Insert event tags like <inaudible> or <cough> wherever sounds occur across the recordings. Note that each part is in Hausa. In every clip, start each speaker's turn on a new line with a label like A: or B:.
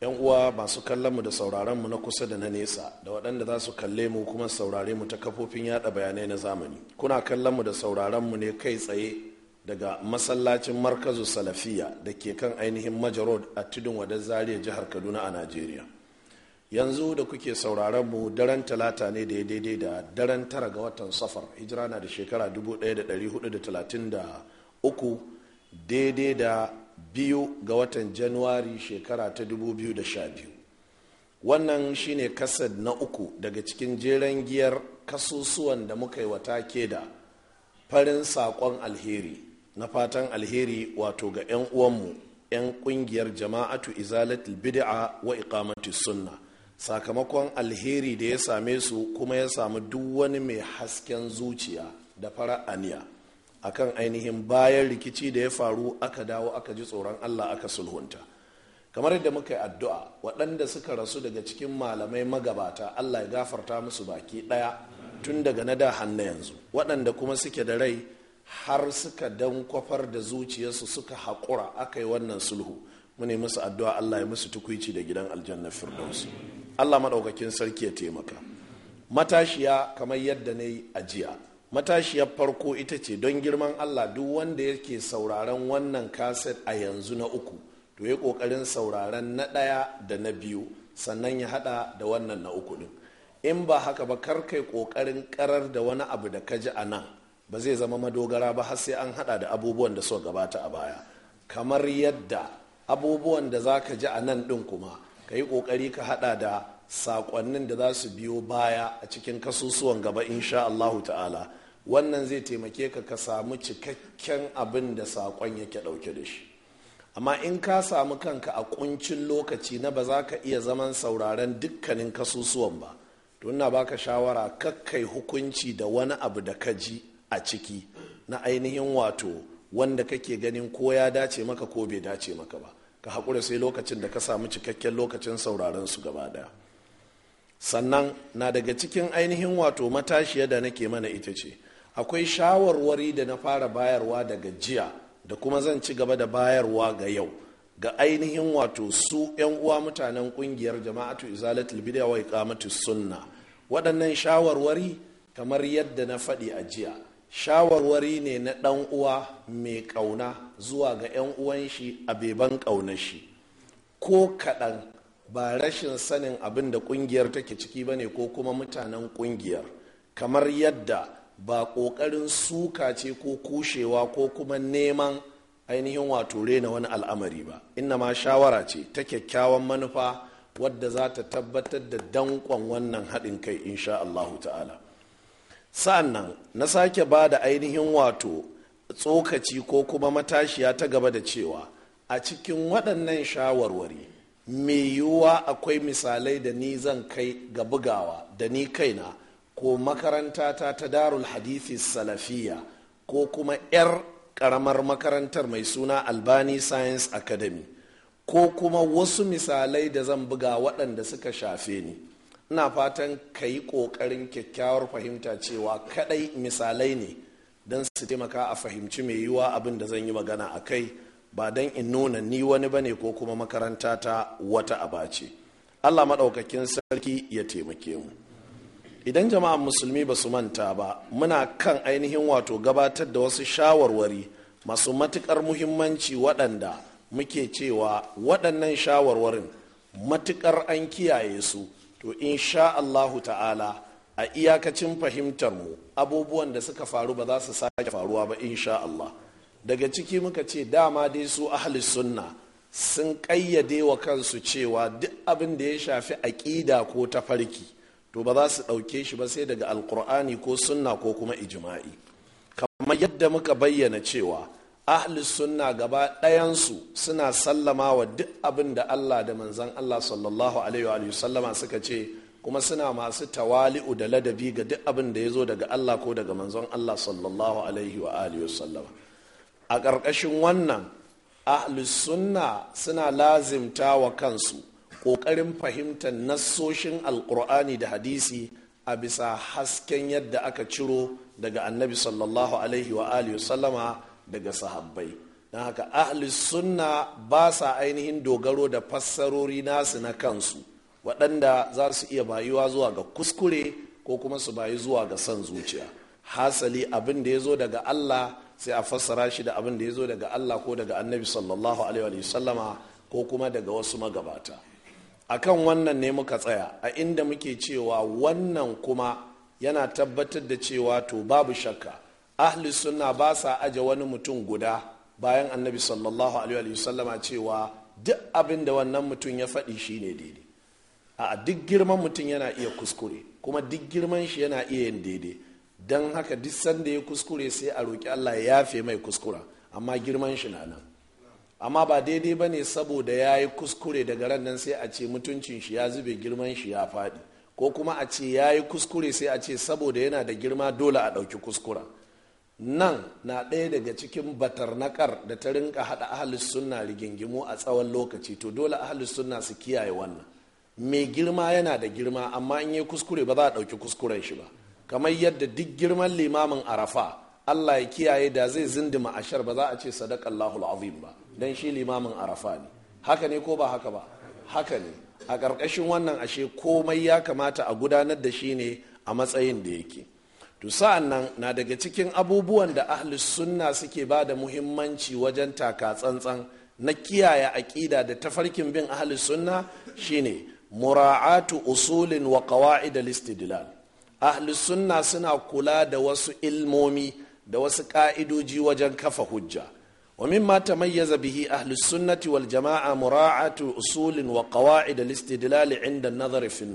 A: 'yan uwa masu kallon mu da sauraron mu na kusa da na nesa da waɗanda za su kalle mu kuma saurare mu ta kafofin yada bayanai na zamani kuna kallon mu da sauraron mu ne kai tsaye daga masallacin markazu salafiya da ke kan ainihin majarod a tudun wadar zariya jihar kaduna a najeriya yanzu da kuke sauraron mu daren talata ne da ya daidai da daren tara ga watan safar hijira na da shekara 1433 daidai da biyu ga watan januwari shekara ta 2012 wannan shine kasad na uku daga cikin jeren giyar kasusuwan da muka yi wata da farin saƙon alheri na fatan alheri wato ga 'yan uwanmu 'yan ƙungiyar jama'atu izalatul bid'a wa iqamati sunna sakamakon alheri da ya same su kuma ya samu duk wani mai hasken zuciya da fara akan ainihin bayan rikici da ya faru aka dawo aka ji tsoron Allah aka sulhunta kamar yadda muka yi addu'a waɗanda suka rasu daga cikin malamai magabata Allah ya gafarta musu baki ɗaya tun daga na da hannu yanzu waɗanda kuma suke da rai har suka dan kwafar da zuciyarsu suka haƙura aka yi wannan sulhu mu ne musu addu'a Allah ya musu tukuici da gidan aljanna firdaus Allah maɗaukakin sarki ya taimaka matashiya kamar yadda na yi ajiya matashiyar farko ita ce don girman allah duk wanda yake sauraron wannan kaset a yanzu na uku to ya kokarin sauraron na ɗaya da na biyu sannan ya hada da wannan na uku ɗin in ba haka ba kar kai kokarin karar da wani abu da ka ji a nan ba zai zama madogara ba har sai an hada da abubuwan da suka gabata a baya kamar yadda abubuwan da za ka ji a nan ɗin kuma ka yi kokari ka hada da sakonnin da za su biyo baya a cikin kasusuwan gaba insha Allahu ta'ala wannan zai taimake ka ka samu cikakken abin da sakon yake ɗauke da shi amma in ka samu kanka a ƙuncin lokaci na ba za ka iya zaman sauraren dukkanin kasusuwan ba to ina baka shawara kakkai hukunci da wani abu da ka ji a ciki na ainihin wato wanda kake ganin ko ya dace maka ko bai dace maka ba ka haƙura sai lokacin da ka samu cikakken lokacin sauraron su gaba ɗaya sannan na daga cikin ainihin wato matashiya da nake mana ita ce akwai shawarwari da na fara bayarwa daga jiya da kuma zan ci gaba da bayarwa ga yau ga ainihin wato su 'yan uwa mutanen kungiyar jama'atu izalat albidiya wa sunna waɗannan shawarwari kamar yadda na faɗi a jiya shawarwari ne na ɗan uwa mai ƙauna zuwa ga 'yan uwan shi a beban ƙauna shi ko kaɗan ba rashin sanin abin da ƙungiyar take ciki ba ne ko kuma mutanen ƙungiyar kamar yadda ba ƙoƙarin suka ce ko kushewa ko kuma neman ainihin wato rena wani al'amari ba inna ma shawara ce ta kyakkyawan manufa wadda za ta tabbatar da dankon wannan haɗin kai insha Allahu ta'ala sa'annan na sake ba da ainihin wato tsokaci ko kuma matashiya ta gaba da cewa a cikin waɗannan shawarwari mai yiwuwa akwai misalai da ni zan kai ga bugawa da ni kaina ko makaranta ta ta darul hadithi salafiya ko kuma 'yar karamar makarantar mai suna albani science academy ko kuma wasu misalai da zan buga waɗanda suka shafe ni ina fatan ka yi ƙoƙarin kyakkyawar fahimta cewa kaɗai misalai ne don su taimaka a fahimci mai yiwuwa abin da zan yi magana a kai ba don in nuna ni wani bane ko kuma makaranta ta wata abace allah maɗaukakin sarki ya taimake mu idan jama'an musulmi ba su manta ba muna kan ainihin wato gabatar da wasu shawarwari masu matukar muhimmanci waɗanda muke cewa waɗannan shawarwarin matukar an kiyaye su to insha Allahu ta'ala a iyakacin fahimtar mu abubuwan da suka faru ba za su sake faruwa ba insha Allah daga ciki muka ce dama dai su ahli sunna sun ƙayyade wa kansu cewa duk abin da ya shafi aƙida ko tafarki to ba za su ɗauke shi ba sai daga alkur'ani ko sunna ko kuma ijima'i kamar yadda muka bayyana cewa ahli sunna gaba ɗayansu suna sallama wa duk abin da allah da manzan allah sallallahu alaihi wa sallama suka ce kuma suna masu tawali'u da ladabi ga duk abin da ya zo daga allah ko daga manzon allah sallallahu alaihi wa sallama a ƙarƙashin wannan ahli sunna suna lazimta wa kansu ƙoƙarin fahimtar nassoshin alƙur'ani da hadisi a bisa hasken yadda aka ciro daga annabi sallallahu alaihi wa alihi sallama daga sahabbai don haka ahli sunna ba sa ainihin dogaro da fassarori nasu na kansu waɗanda za su iya bayuwa zuwa ga kuskure ko kuma su bayi zuwa ga son zuciya hasali abin da ya zo daga allah sai a fassara shi da abin da ya zo daga allah ko daga annabi sallallahu alaihi wa sallama ko kuma daga wasu magabata A kan wannan ne muka tsaya a inda muke cewa wannan kuma yana tabbatar da cewa to babu shakka ahli sunna ba sa aje wani mutum guda bayan annabi sallallahu alaihi wasallama cewa duk abin da wannan mutum ya faɗi shine daidai a duk girman mutum yana iya kuskure kuma duk girman shi yana iya yin daidai don haka duk sanda ya kuskure sai a roƙi allah ya yafe mai kuskura amma girman shi na nan amma ba daidai ba ne saboda ya yi kuskure daga ran nan sai a ce mutuncin shi ya zube girman shi ya faɗi ko kuma a ce ya yi kuskure sai a ce saboda yana da girma dole a ɗauki kuskura nan na ɗaya daga cikin batarnakar da ta rinka haɗa ahalus sunna rigingimu a tsawon lokaci to dole ahalus sunna su kiyaye wannan mai girma yana da girma amma in yi kuskure ba za a ɗauki kuskuren shi ba kamar yadda duk girman limamin arafa Allah ya kiyaye da zai zindima ashar ba za a ce lahul azim ba dan shi limamin arafa ne haka ne ko ba haka ba haka ne a ƙarƙashin wannan ashe komai ya kamata a gudanar da shi ne a matsayin da yake to sa'an nan na daga cikin abubuwan da ahlus sunna suke ba da muhimmanci wajen taka tsantsan na kiyaye aƙida da tafarkin bin ahlus sunna shine mura'atu usulin wa qawa'id al-istidlal ahlus sunna suna kula da wasu ilmomi da wasu ƙa'idoji wajen kafa hujja wa mimma tamayyaza bihi ahli sunnati wal jama'a mura'atu usulin wa qawa'id al istidlal 'inda an-nazar fi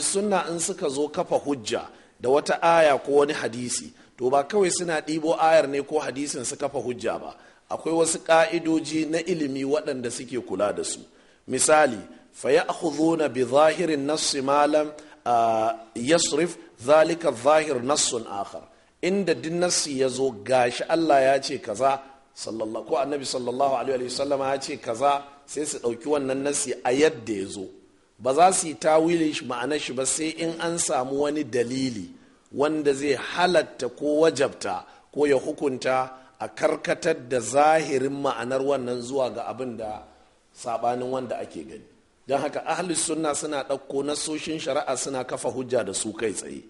A: sunna in suka zo kafa hujja da wata aya ko wani hadisi to ba kawai suna ɗibo ayar ne ko hadisin su kafa hujja ba akwai wasu ƙa'idoji na ilimi waɗanda suke kula da su misali fa ya'khudhuna bi zahirin nassi malam ah, yasrif zalika zahir nassun akhar inda dinarsu ya zo gashi Allah ya ce kaza sallallahu ko annabi sallallahu alaihi wasallama ya ce kaza sai su ɗauki wannan nasi a yadda ya zo ba za su yi tawili ma'ana shi ba sai in an samu wani dalili wanda zai halatta ko wajabta ko ya hukunta a karkatar da zahirin ma'anar wannan zuwa ga abin da sabanin wanda ake gani don haka ahli sunna suna ɗauko nasoshin shari'a suna kafa hujja da su kai tsaye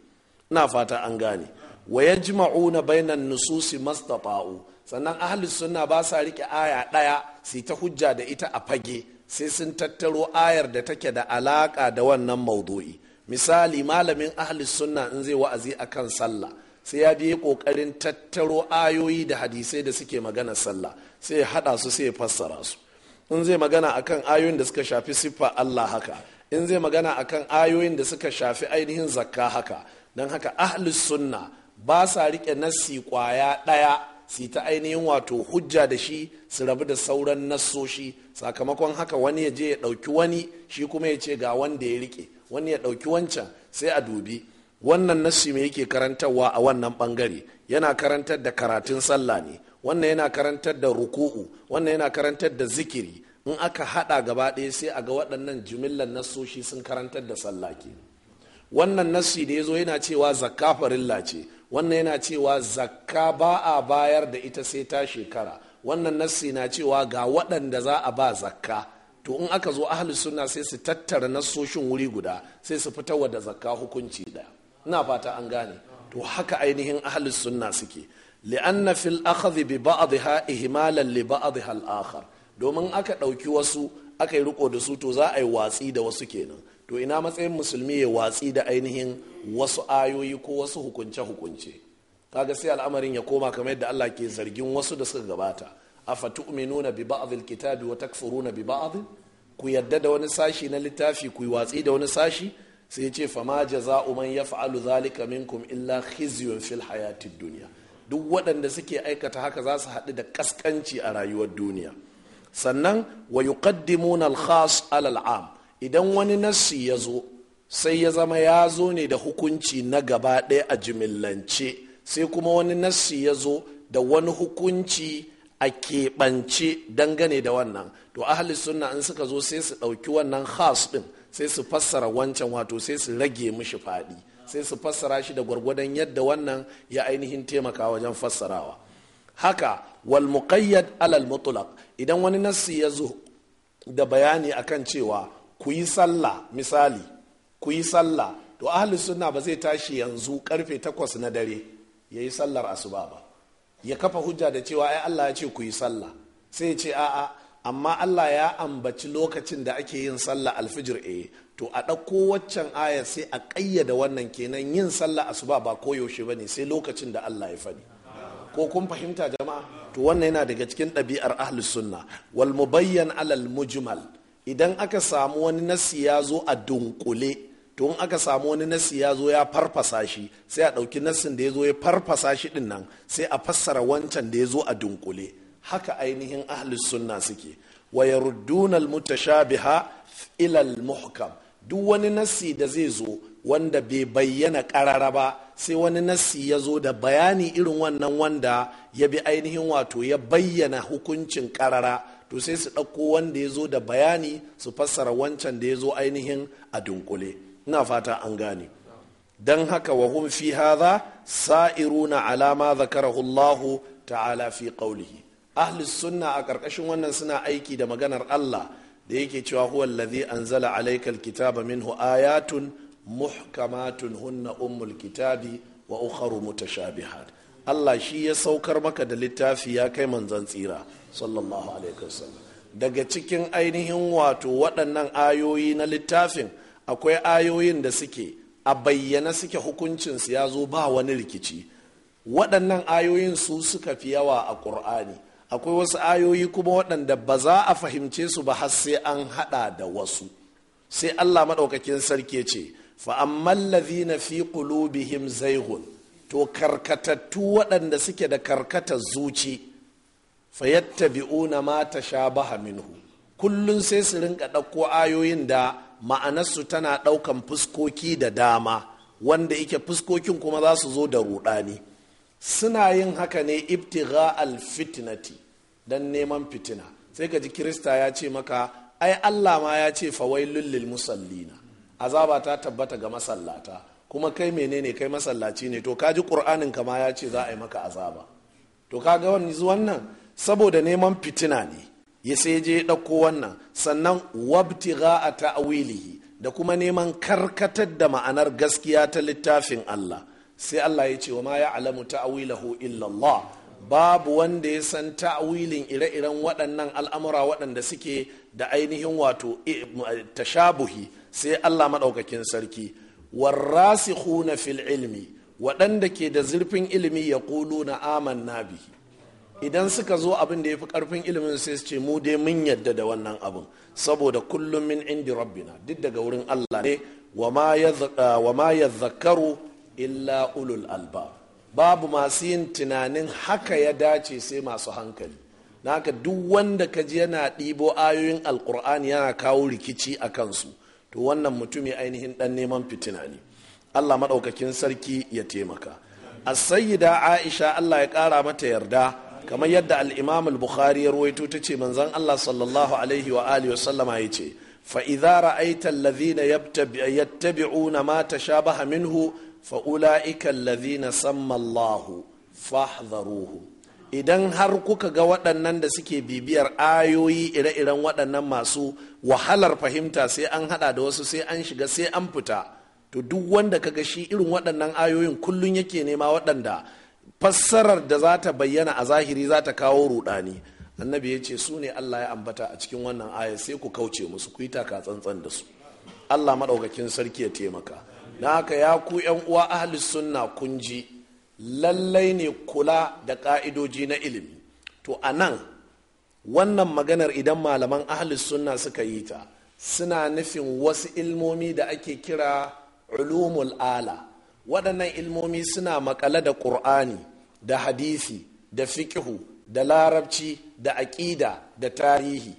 A: na fata an gane wa yajma'una bainan nususi mastata'u sannan ahli sunna ba sa rike aya ɗaya sai ta hujja da ita a fage sai sun tattaro ayar da take da alaƙa da wannan maudu'i misali malamin ahli sunna in zai wa'azi akan sallah sai ya biye ƙoƙarin tattaro ayoyi da hadisai da suke magana sallah sai ya hada su sai ya fassara su in zai magana akan ayoyin da suka shafi siffa Allah haka in zai magana akan ayoyin da suka shafi ainihin zakka haka don haka ahlus sunna ba sa riƙe nassi kwaya ɗaya su ta ainihin wato hujja da shi su rabu da sauran nassoshi sakamakon haka wani ya je ya ɗauki wani shi kuma ya ce ga wanda ya rike wani ya ɗauki wancan sai a dubi wannan nassi mai yake karantarwa a wannan ɓangare yana karantar da karatun sallah ne wannan yana karantar da ruku'u wannan yana karantar da zikiri in aka haɗa gaba ɗaya sai a ga waɗannan jimillan nassoshi sun karantar da sallah ke wannan nassi da ya zo yana cewa zakka farilla ce wannan yana cewa zakka ba a bayar da ita sai ta shekara wannan nassi na cewa ga waɗanda za a ba zakka to in aka zo ahli sunna sai su tattara nassoshin wuri guda sai su fitar da zakka hukunci da ina fata an gane to haka ainihin ahli sunna suke li'anna fil akhdhi bi ba'dha ihmalan li ba'dha al-akhar domin aka ɗauki wasu aka yi riko da su to za a yi watsi da wasu kenan to ina matsayin musulmi ya watsi da ainihin wasu ayoyi ko wasu hukunce-hukunce kaga sai al'amarin ya koma kamar yadda Allah ke zargin wasu da suka gabata afatu'minuna bi ba'dil kitabi wa takfuruna bi ba'd ku yadda da wani sashi na littafi ku yi watsi da wani sashi sai ya ce fama jaza'u man yaf'alu zalika minkum illa khizyun fil hayatid dunya duk waɗanda suke aikata haka za su haɗu da kaskanci a rayuwar duniya sannan wa yuqaddimuna al-khas ala al-am idan wani nassi ya zo sai ya zama ya zo ne da hukunci na gaba ɗaya a jimillance sai kuma wani nassi ya zo da wani hukunci a keɓance dangane da wannan to ahli sunna in suka zo sai su ɗauki wannan khas ɗin sai su fassara wancan wato sai su rage mishi faɗi sai su fassara shi da gwargwadon yadda wannan ya ainihin taimaka wajen fassarawa haka wal muqayyad alal mutlaq idan wani nassi ya zo da bayani akan cewa ku yi sallah misali ku yi sallah to ahli sunna ba zai tashi yanzu karfe takwas na dare ya yi sallar asuba ba ya kafa hujja da cewa ai Allah ya ce ku yi sallah sai ya ce a'a amma Allah ya ambaci lokacin da ake yin sallah alfijir eh to a ɗauko waccan aya sai a ƙayyada wannan kenan yin sallah asuba ba koyaushe ba ne sai lokacin da Allah ya faɗi. ko kun fahimta jama'a to wannan yana daga cikin ɗabi'ar ahlus sunna wal mubayyan alal mujmal idan aka samu wani nasi ya zo a dunkule to in aka samu wani nasi ya zo ya farfasa shi sai a ɗauki nasin da ya zo ya farfasa shi ɗin nan sai a fassara wancan da ya zo a dunkule haka ainihin ahlus sunna suke wa yarudduna biha ilal muhkam duk wani nasi da zai zo wanda bai bayyana karara ba sai wani nasi ya zo da bayani irin wannan wanda ya bi ainihin wato ya bayyana hukuncin karara to sai su ɗauko wanda ya zo da bayani su fassara wancan da ya zo ainihin a dunkule ina fata an gane don haka wa hum fi hadha sa'iruna alama zakarahu Allah ta'ala fi qawlihi ahli sunna a ƙarƙashin wannan suna aiki da maganar Allah da yake cewa huwa allazi anzala alaykal kitaba minhu ayatun muhkamatun hunna ummul kitabi wa ukharu mutashabihat Allah shi ya saukar maka da littafi ya kai manzon tsira sallallahu alaihi wasallam daga cikin ainihin wato waɗannan ayoyi na littafin akwai ayoyin da suke a bayyana suke hukuncinsu ya zo ba wani rikici waɗannan ayoyin su suka fi yawa a ƙur'ani akwai wasu ayoyi kuma waɗanda ba za a fahimce su ba har sai an haɗa da wasu sai allah maɗaukakin sarki ce fa'amman na fi qulubihim zaihun to karkatattu waɗanda suke da karkatar zuci na ma ta sha baha minhu kullum sai su rinka ɗauko ayoyin da ma'anarsu tana ɗaukan fuskoki da dama wanda ike fuskokin kuma za su zo da ruɗani suna yin haka ne ibtigha alfitnati don neman fitina sai ka ji kirista ya ce maka ai allah ma ya ce fawailul lil musallina azaba ta tabbata ga masallata kuma kai menene kai masallaci ne to kaji ji ka ma ya ce za a yi maka azaba to kaga wani nan saboda neman fitina ne ya sai je ɗauko wannan sannan wabtiga a ta'awilihi da kuma neman karkatar da ma'anar gaskiya ta littafin Allah sai Allah ya ce wa ma ya alamu ta'awilahu illallah babu wanda ya san ta'awilin ire-iren waɗannan al'amura waɗanda suke da ainihin wato e, tashabuhi sai Allah maɗaukakin sarki warrasikhuna fil ilmi waɗanda ke da zurfin ilimi ya na aman nabihi idan suka zo abin da ya fi karfin ilimin sai su ce mu dai mun yadda da wannan abin saboda kullum min indi rabbina duk daga wurin Allah ne wa ma ya zakaru ah, illa ulul alba babu masu yin tunanin haka ya dace sai masu hankali na naka duk wanda ka ji yana ɗibo ayoyin alkur'ani yana kawo rikici a kansu to wannan mutumi ainihin ɗan neman fitina ne Allah maɗaukakin sarki ya taimaka a sayyida aisha Allah ya ƙara mata yarda kamar yadda al'imamul imam al-bukhari ya ruwaito ta ce manzon Allah sallallahu alaihi wa alihi wasallama ya ce fa idza ra'aita alladhina yattabi'una ma tashabaha minhu fa ulaika alladhina samma Allah idan har kuka ga waɗannan da suke bibiyar ayoyi ire-iren waɗannan masu wahalar fahimta sai an haɗa da wasu sai an shiga sai an fita to duk wanda ga shi irin waɗannan ayoyin kullum yake nema waɗanda fassarar da za ta bayyana a zahiri za ta kawo rudani annabi ya ce su ne allah ya ambata a cikin wannan aya sai ku kauce musu ku yi taka tsantsan da su allah maɗaukakin sarki ya taimaka na haka ya ku yan uwa ahli sunna kun lallai ne kula da ka'idoji na ilimi to a nan wannan maganar idan malaman ahli sunna suka yi ta suna nufin wasu ilmomi da ake kira ulumul ala waɗannan ilmomi suna makale da ƙur'ani da hadisi da fiƙihu da larabci da aƙida da tarihi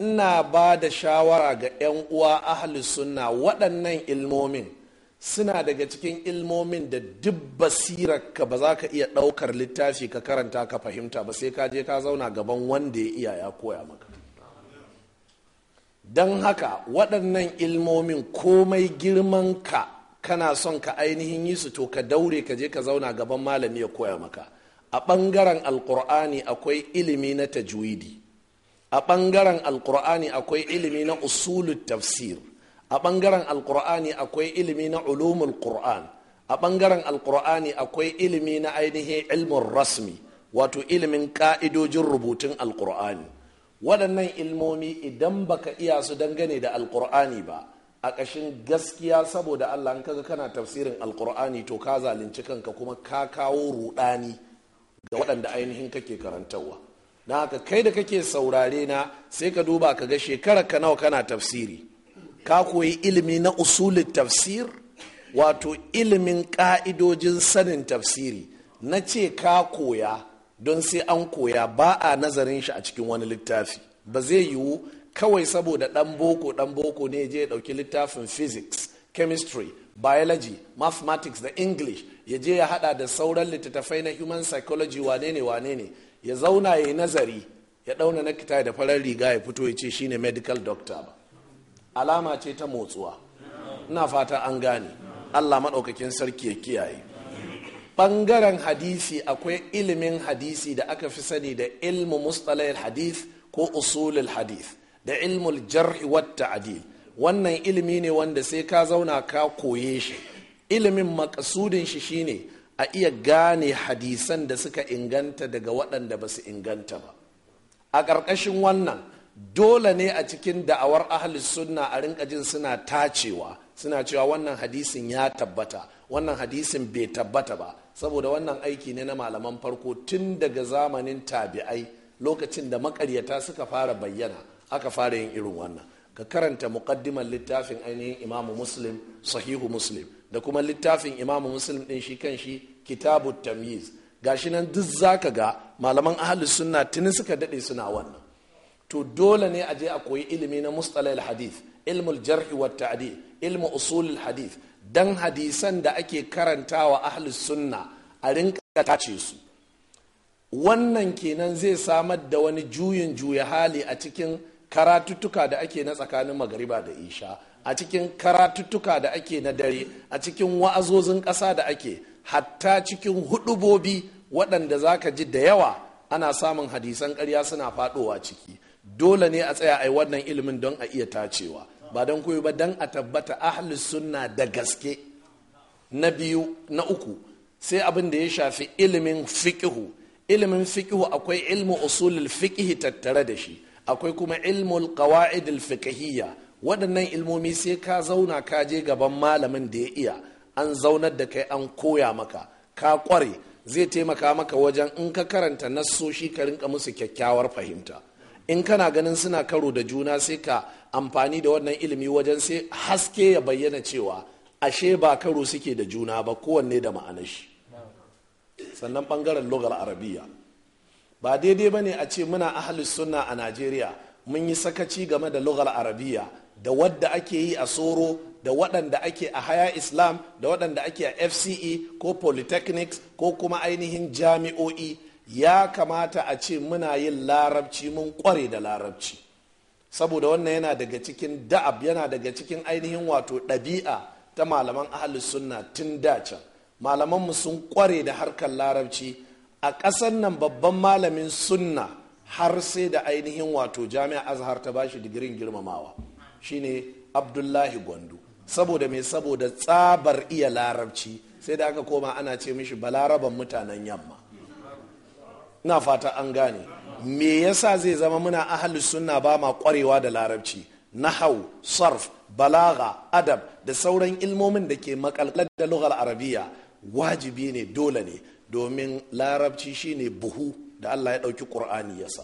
A: ina ba da shawara ga 'yan uwa ahli sunna waɗannan ilmomin suna daga cikin ilmomin da duk basirar ka ba za ka iya ɗaukar littafi ka karanta ka fahimta ba sai ka je ka zauna gaban wanda ya iya ya koya maka don haka waɗannan ilmomin komai girman ka kana son ka ainihin yi su to ka daure ka je ka zauna gaban malami ya koya maka a ɓangaren alkur'ani akwai ilimi na tajwidi a ɓangaren alkur'ani akwai ilimi na usulul tafsir a ɓangaren alkur'ani akwai ilimi na ulumul qur'an a ɓangaren alkur'ani akwai ilimi na ainihin ilmin rasmi wato ilimin ka'idojin rubutun alkur'ani waɗannan ilmomi idan baka iya su dangane da alkur'ani ba a ƙashin gaskiya saboda Allah ka kaga kana tafsirin alkur'ani to ka zalunci kanka kuma ka kawo ruɗani ga waɗanda ainihin kake karantarwa na haka kai da kake saurare na sai ka duba ka ga shekarar ka nawa kana tafsiri ka koyi ilimi na usulin tafsir wato ilimin ƙa'idojin sanin tafsiri na ce ka koya don sai an koya ba a nazarin shi a cikin wani littafi ba zai yiwu kawai saboda ɗan boko ɗan boko ne je ya ɗauki littafin physics chemistry biology mathematics da english ya je ya hada da sauran littattafai na human psychology wane ne wane ne ya zauna ya yi nazari ya dauna na kita da farar riga ya fito ya ce shi ne medical doctor ba alama ce ta motsuwa ina fata an gane allah maɗaukakin sarki ya kiyaye ɓangaren hadisi akwai ilimin hadisi da aka fi sani da ilmu mustalayil hadith ko usulul hadith da ilmul jar'i wat ta'dil wannan ilimi ne wanda sai ka zauna ka koye shi ilimin makasudin shi shine a iya gane hadisan da suka inganta daga waɗanda ba su inganta ba a ƙarƙashin wannan dole ne a cikin da'awar ahlus sunna a rinka jin suna tacewa suna cewa wannan hadisin ya tabbata wannan hadisin bai tabbata ba saboda wannan aiki ne na malaman farko tun daga zamanin tabi'ai lokacin da makaryata suka fara bayyana aka fara yin irin wannan ka karanta muqaddiman littafin ainihin imamu muslim sahihu muslim da kuma littafin imamu muslim din shi kan shi kitabu tamyiz gashi nan duk zaka ga malaman ahli sunna tuni suka dade suna wannan to dole ne a je a koyi ilimi na mustalahil hadith ilmul jarhi wat ta'dil ilmu usulul hadith dan hadisan da ake karantawa ahli sunna a rinka tace su wannan kenan zai samar da wani juyin juya hali a cikin karatuttuka da ake na tsakanin magariba da isha a cikin karatuttuka da ake na dare a cikin wa'azozin ƙasa da ake hatta cikin hudubobi waɗanda za ka ji da yawa ana samun hadisan ƙarya suna faɗowa ciki dole ne a tsaya a yi wannan ilimin don a iya tacewa ba don koyo ba don a tabbata ahlus sunna da gaske na biyu na uku sai abin da ya shafi ilimin fiƙihu ilimin fiƙihu akwai ilmu usulul fiƙihi tattare da shi akwai kuma ilmul qawaid al fiqhiyya waɗannan ilmomi sai ka zauna ka je gaban malamin da ya iya an zaunar da kai an koya maka ka kware zai taimaka maka wajen in ka karanta nassoshi ka rinka musu kyakkyawar fahimta in kana ganin suna karo da juna sai ka amfani da wannan ilimi wajen sai haske ya bayyana cewa ashe ba karo suke da juna ba kowanne da ma'anar shi sannan bangaren lugar arabiya ba daidai ba ne a ce muna ahalus sunna a najeriya mun yi sakaci game da lugar arabiya da wadda ake yi a soro da waɗanda ake a haya islam da waɗanda ake a fce ko polytechnics ko kuma ainihin jami'o'i ya kamata a ce muna yin larabci mun kware da larabci saboda wannan yana daga cikin da'ab yana daga cikin ainihin wato ɗabi'a ta malaman ahalus sunna tun da can malamanmu sun kware da harkar larabci a ƙasar nan babban malamin sunna har sai da ainihin wato jami'a azhar ta bashi digirin girmamawa shine abdullahi gwandu saboda mai saboda tsabar iya larabci sai da aka koma ana ce mishi balaraban mutanen yamma na fata an gane me yasa zai zama muna ahli sunna ba ma kwarewa da larabci nahau sarf balaga adab da sauran ilmomin da ke makalkalar da lugar arabiya wajibi ne dole ne domin larabci shine buhu da allah ya ɗauki ƙur'ani ya sa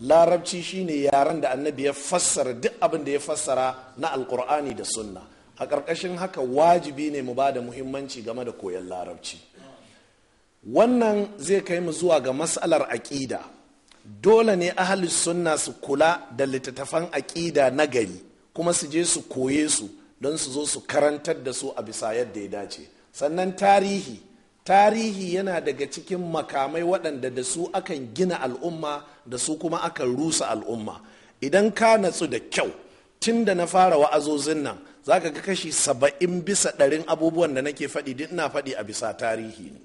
A: larabci shine yaren da annabi ya fassara duk abin da ya fassara na alƙur'ani da sunna a ƙarƙashin haka wajibi ne mu ba da muhimmanci game da koyon larabci wannan zai kai mu zuwa ga matsalar aƙida dole ne ahli sunna su kula da littattafan aƙida na gari kuma su je su koye su don su zo su karantar da su a bisa yadda ya dace sannan tarihi tarihi yana daga cikin makamai waɗanda da su akan gina al'umma da su kuma akan rusa al'umma idan ka natsu da kyau tun da na fara wa'azozin nan za ka ga kashi saba'in bisa ɗarin abubuwan da nake faɗi duk ina faɗi a bisa tarihi ne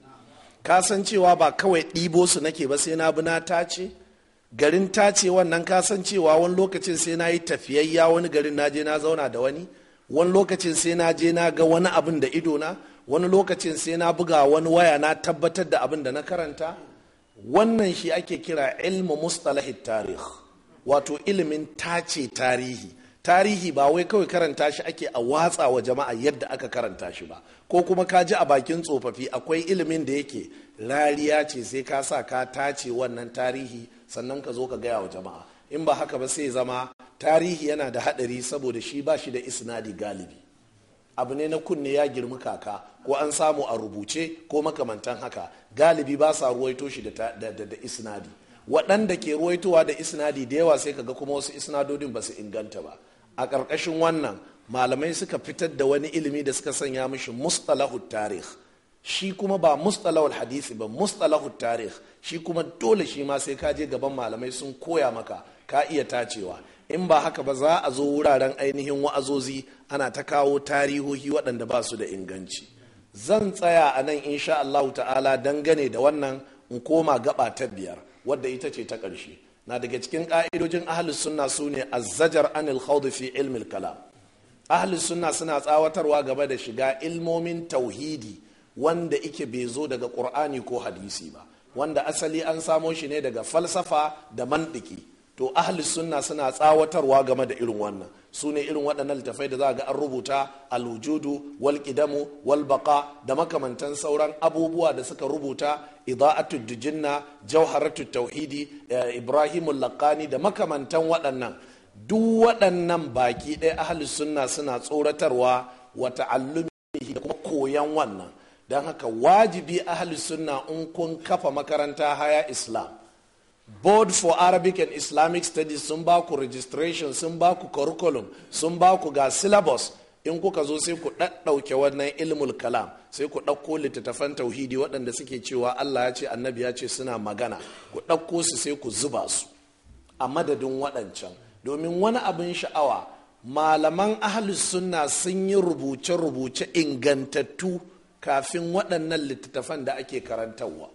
A: ka san cewa ba kawai ɗibo su nake ba sai na bi na tace garin tace wannan ka san cewa wani lokacin sai na yi tafiyayya wani garin na je na zauna da wani wani lokacin sai na je na ga wani abin da idona wani lokacin sai na buga wani waya na tabbatar da abin da na karanta wannan shi ake kira ilmu mustalahi tarih wato ilimin tace tarihi tarihi ba wai kawai karanta shi ake a watsa wa jama'a yadda aka karanta shi ba ko kuma ka ji a bakin tsofaffi akwai ilimin da yake rariya ce sai ka sa ka tace wannan tarihi sannan ka zo ka gaya wa jama'a in ba haka ba sai zama tarihi yana da haɗari saboda shi ba shi da isnadi galibi abu ne na kunne ya girmi kaka ko an samu a rubuce ko makamantan haka galibi ba sa ruwaito shi da, da, isnadi waɗanda ke ruwaitowa da isnadi da yawa sai kaga kuma wasu isnadodin ba su inganta ba a ƙarƙashin wannan malamai suka fitar da wani ilimi da suka sanya mishi mustalahut tarih shi kuma ba mustalahul hadisi ba mustalahut tarih shi kuma dole shi ma sai ka je gaban malamai sun koya maka ka iya tacewa in ba haka ba za a zo wuraren ainihin wa'azozi ana ta kawo tarihohi waɗanda ba su da inganci zan tsaya a nan insha Allah ta'ala dangane da wannan in koma gaba ta biyar wadda ita ce ta ƙarshe na daga cikin ƙa'idojin ahalus sunna su ne azzajar anil khawdu fi ilmil kalam ahalus sunna suna tsawatarwa gaba da shiga ilmomin tauhidi wanda ike bai zo daga ƙur'ani ko hadisi ba wanda asali an samo shi ne daga falsafa da mantiki to ahli sunna suna tsawatarwa game da irin wannan su ne irin waɗannan littafai da za ga an rubuta alwujudu wal qidamu wal baqa da makamantan sauran abubuwa da suka rubuta ida'atu dijinna jawharatu tauhidi eh, ibrahimul laqani da makamantan waɗannan duk waɗannan baki ɗaya ahli sunna suna tsoratarwa wa ta'allumihi da kuma koyan wannan don haka wajibi ahli sunna in kun kafa makaranta haya islam board for arabic and islamic studies sun ba ku registration sun ba ku curriculum sun ba ku ga syllabus in kuka zo sai ku ɗauke wannan ilmul kalam sai ku ɗauko littattafan tauhidi waɗanda suke cewa allah ya ce annabi ya ce suna magana ku ɗauko su sai ku zuba su a madadin waɗancan domin wani abin sha'awa malaman ahalus sunna sun yi rubuce-rubuce ingantattu kafin waɗannan littattafan da ake karantarwa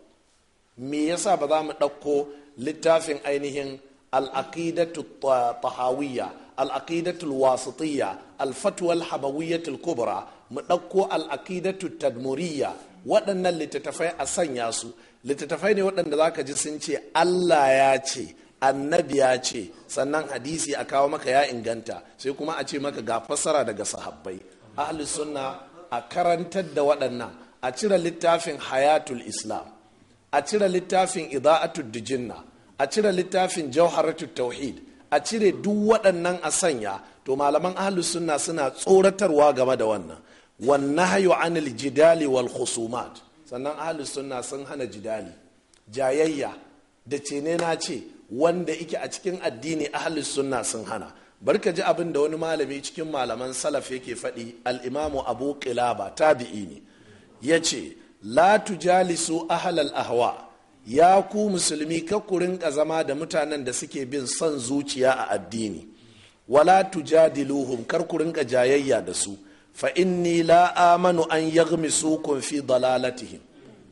A: me yasa ba za mu ɗauko littafin ainihin al'aqidatu tahawiyya al'aqidatu wasitiyya alfatwal habawiyyatul kubra mu ɗauko al'aqidatu tadmuriyya waɗannan littattafai a sanya su littattafai ne waɗanda za ka ji sun ce allah ya ce annabi ya ce sannan hadisi a kawo maka ya inganta sai kuma a ce maka ga fassara daga sahabbai ahli sunna a karantar da waɗannan a cire littafin hayatul islam a cire littafin ida'atud dijinna a cire littafin jauharatut tauhid a cire duk waɗannan a sanya to malaman ahlu sunna suna tsoratarwa game da wannan wannan hayo anil jidali wal khusumat sannan ahlu sunna sun hana jidali jayayya da cene na ce wanda ike a cikin addini ahlus sunna sun hana barka ji abin da wani malami cikin malaman salaf yake faɗi al-imamu abu qilaba tabi'i ne ce. la tujalisu ahlal ahwa ya ku musulmi kakurin zama da mutanen da suke bin son zuciya a addini wala tujadiluhum kar ku rinka jayayya da su fa inni la amanu an yaghmisukum fi dalalatihim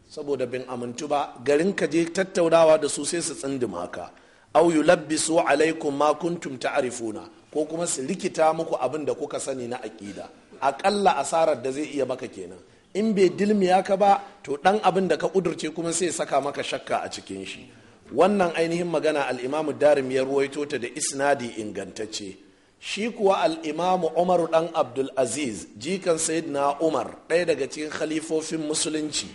A: saboda bin amintu ba garin ka je tattaunawa da su sai su tsindima ka aw yulabbisu alaikum ma kuntum ta'rifuna ko kuma su rikita muku abin da kuka sani na aqida akalla asarar da zai iya baka kenan in bai dilmiya ka ba to dan abin da ka kudurce kuma sai saka maka shakka a cikin shi wannan ainihin magana al'imamu darim ya ruwaito ta da isnadi ingantacce shi kuwa al'imamu umaru dan abdul aziz jikan na umar ɗaya daga cikin khalifofin musulunci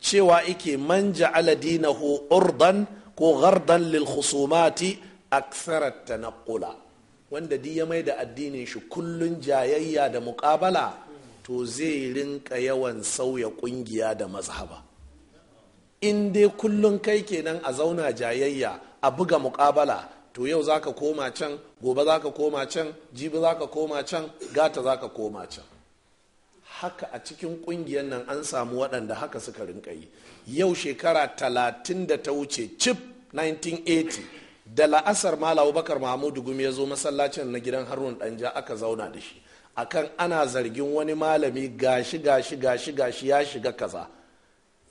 A: cewa ike man ja'ala dinahu urdan ko gardan lil khusumati aksara tanaqula wanda di ya mai da addinin shi kullun jayayya da muƙabala to zai rinka yawan sauya kungiya da mazhaba in dai kullum kai kenan a zauna jayayya a buga mukabala to yau zaka koma can gobe zaka koma can jibi zaka koma can gata zaka koma can haka a cikin kungiyar nan an samu waɗanda haka suka rinka yi yau shekara talatin da ta wuce chip 1980 da la'asar mala bakar mahmudu gumi ya zo masallacin na gidan harun ɗanja aka zauna da shi akan ana zargin wani malami gashi gashi gashi gashi ya shiga kaza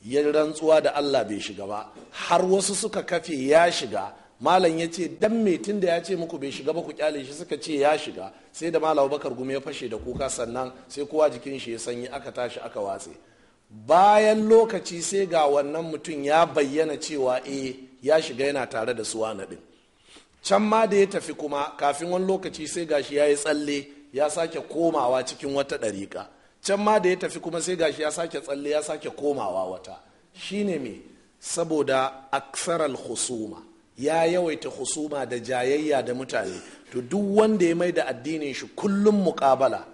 A: ya rantsuwa da Allah bai shiga ba har wasu suka kafe ya shiga malam ya ce dan tun da ya ce muku bai shiga ba ku kyale shi suka ce ya shiga sai da malam bakar gumi ya fashe da kuka sannan sai kowa jikin shi ya sanyi aka tashi aka watse bayan lokaci sai ga wannan mutum ya bayyana cewa eh ya shiga yana tare da suwa na din can ma da ya tafi kuma kafin wani lokaci sai gashi ya yi tsalle ya sake komawa cikin wata ɗariƙa can ma da ya tafi kuma sai gashi ya sake tsalle ya sake komawa wata shine me saboda aksaral husuma ya yawaita husuma da jayayya da mutane to duk wanda ya mai da addinin shi kullum muƙabala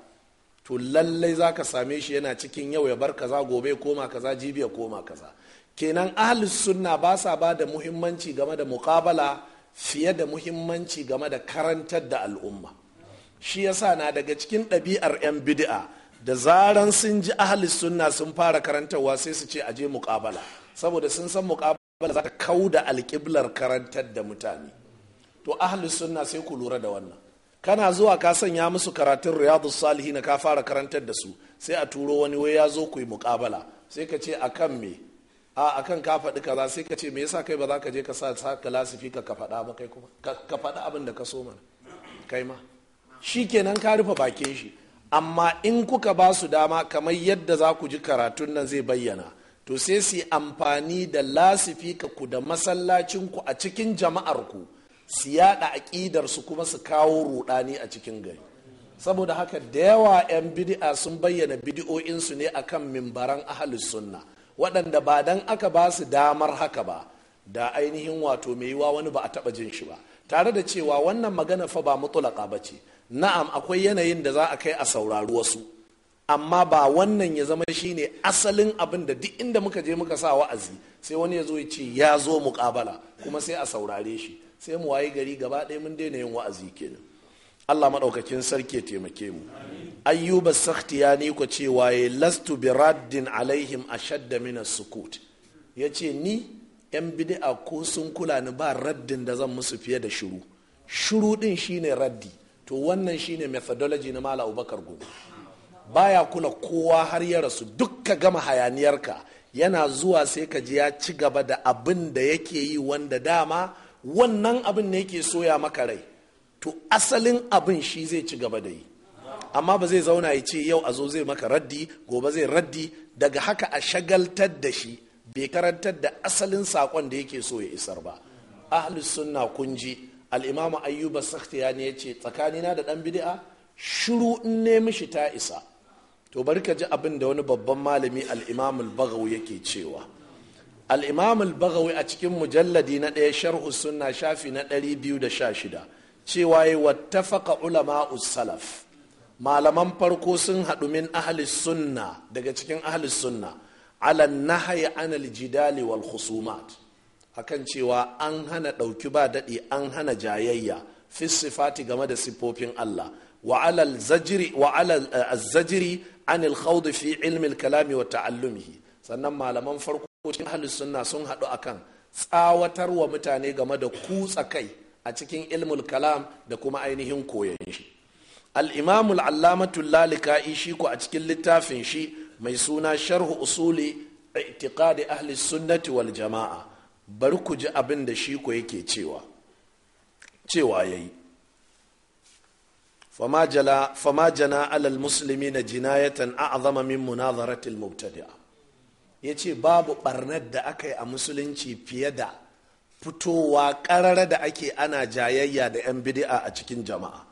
A: to lallai za ka same shi yana cikin yau ya bar kaza gobe koma kaza jibi ya koma kaza kenan ahlus sunna ba sa ba da muhimmanci game da mukabala fiye da muhimmanci game da karantar da al'umma shi ya sa na daga cikin ɗabi'ar 'yan bid'a da zaran sun ji ahli sunna sun fara karantarwa sai su ce aje muƙabala saboda sun san muƙabala za ta kau da alƙiblar karantar da mutane to ahli sunna sai ku lura da wannan kana zuwa ka sanya musu karatun riyadu salihi na ka fara karantar da su sai a turo wani wai ya zo ku yi muƙabala sai ka ce a kan me a akan ka faɗi kaza sai ka ce me yasa kai ba za ka je ka sa ka lasifi ka faɗa ba kai kuma ka faɗi abin da ka so mana kai ma shi kenan ka rufe bakin shi amma in kuka ba su dama kamar yadda za ku ji karatun nan zai bayyana to sai su yi amfani da lasifi ka ku da masallacinku a cikin jama'ar ku su yada su kuma su kawo rudani a cikin gari saboda haka da yawa 'yan bidi'a sun bayyana bidi'o'insu ne akan mimbaran ahalus sunna waɗanda ba dan aka ba su damar haka ba da ainihin wato mai yiwa wani ba a taɓa jin shi ba tare da cewa wannan magana fa ba mutulaka ba ce na'am akwai yanayin da za a kai a saurari wasu amma ba wannan ya zama shi ne asalin abin da duk inda muka je muka sa wa'azi sai wani ya zo ya ce ya zo muƙabala kuma sai a saurare shi sai mu wayi gari gaba ɗaya mun daina yin wa'azi kenan Allah maɗaukakin sarki taimake mu ayyuba ni ku cewa waye lastu bi raddin alaihim ashadda min sukut ya ce ni yan bid'a ko sun kula ni ba raddin da zan musu fiye da shiru shiru din shine raddi to wannan shine methodology na mala abubakar gobe baya kula kowa har ya rasu dukka gama hayaniyarka yana zuwa sai ka ji ya ci gaba da abin da yake yi wanda dama wannan abin ne yake soya maka rai to asalin abin shi zai ci gaba da yi amma ba zai zauna ya ce yau a zo zai maka raddi gobe zai raddi daga haka a shagaltar da shi bai karantar da asalin saƙon da yake so ya isar ba ahlus sunna kun ji al'imamu ayyuba sakhtiyani ya ce tsakanina da ɗan bid'a shiru in ne mishi ta isa to bari ka ji abin da wani babban malami al'imamu bagawi yake cewa al'imamu bagawi a cikin mujalladi na ɗaya sharhu sunna shafi na ɗari biyu da sha shida cewa ya wattafaka ulama salaf malaman farko sun haɗu min ahli sunna daga cikin ahli sunna ala nahyi anal jidali wal khusumat akan cewa an hana ɗauki ba daɗi an hana jayayya fi sifati game da siffofin Allah wa alal zajiri wa alal eh, zajiri anil khawd fi ilmi kalami wa ta'allumihi sannan malaman farko cikin ahlus sunna sun haɗu akan tsawatar wa mutane game da kutsa kai a cikin ilmul kalam da kuma ainihin koyon shi al-imam al-allamatu lalika'i ishi ko a cikin littafin shi mai suna sharhu usuli i'tiqadi ahli sunnati wal jama'a bari ku ji abin da shi ko yake cewa cewa ya yi fama jana alal musulmi na jinayatan a'azama min munazaratil mubtadi'a ya ce babu barnar da aka yi a musulunci fiye da fitowa ƙarara da ake ana jayayya da 'yan bidi'a a cikin jama'a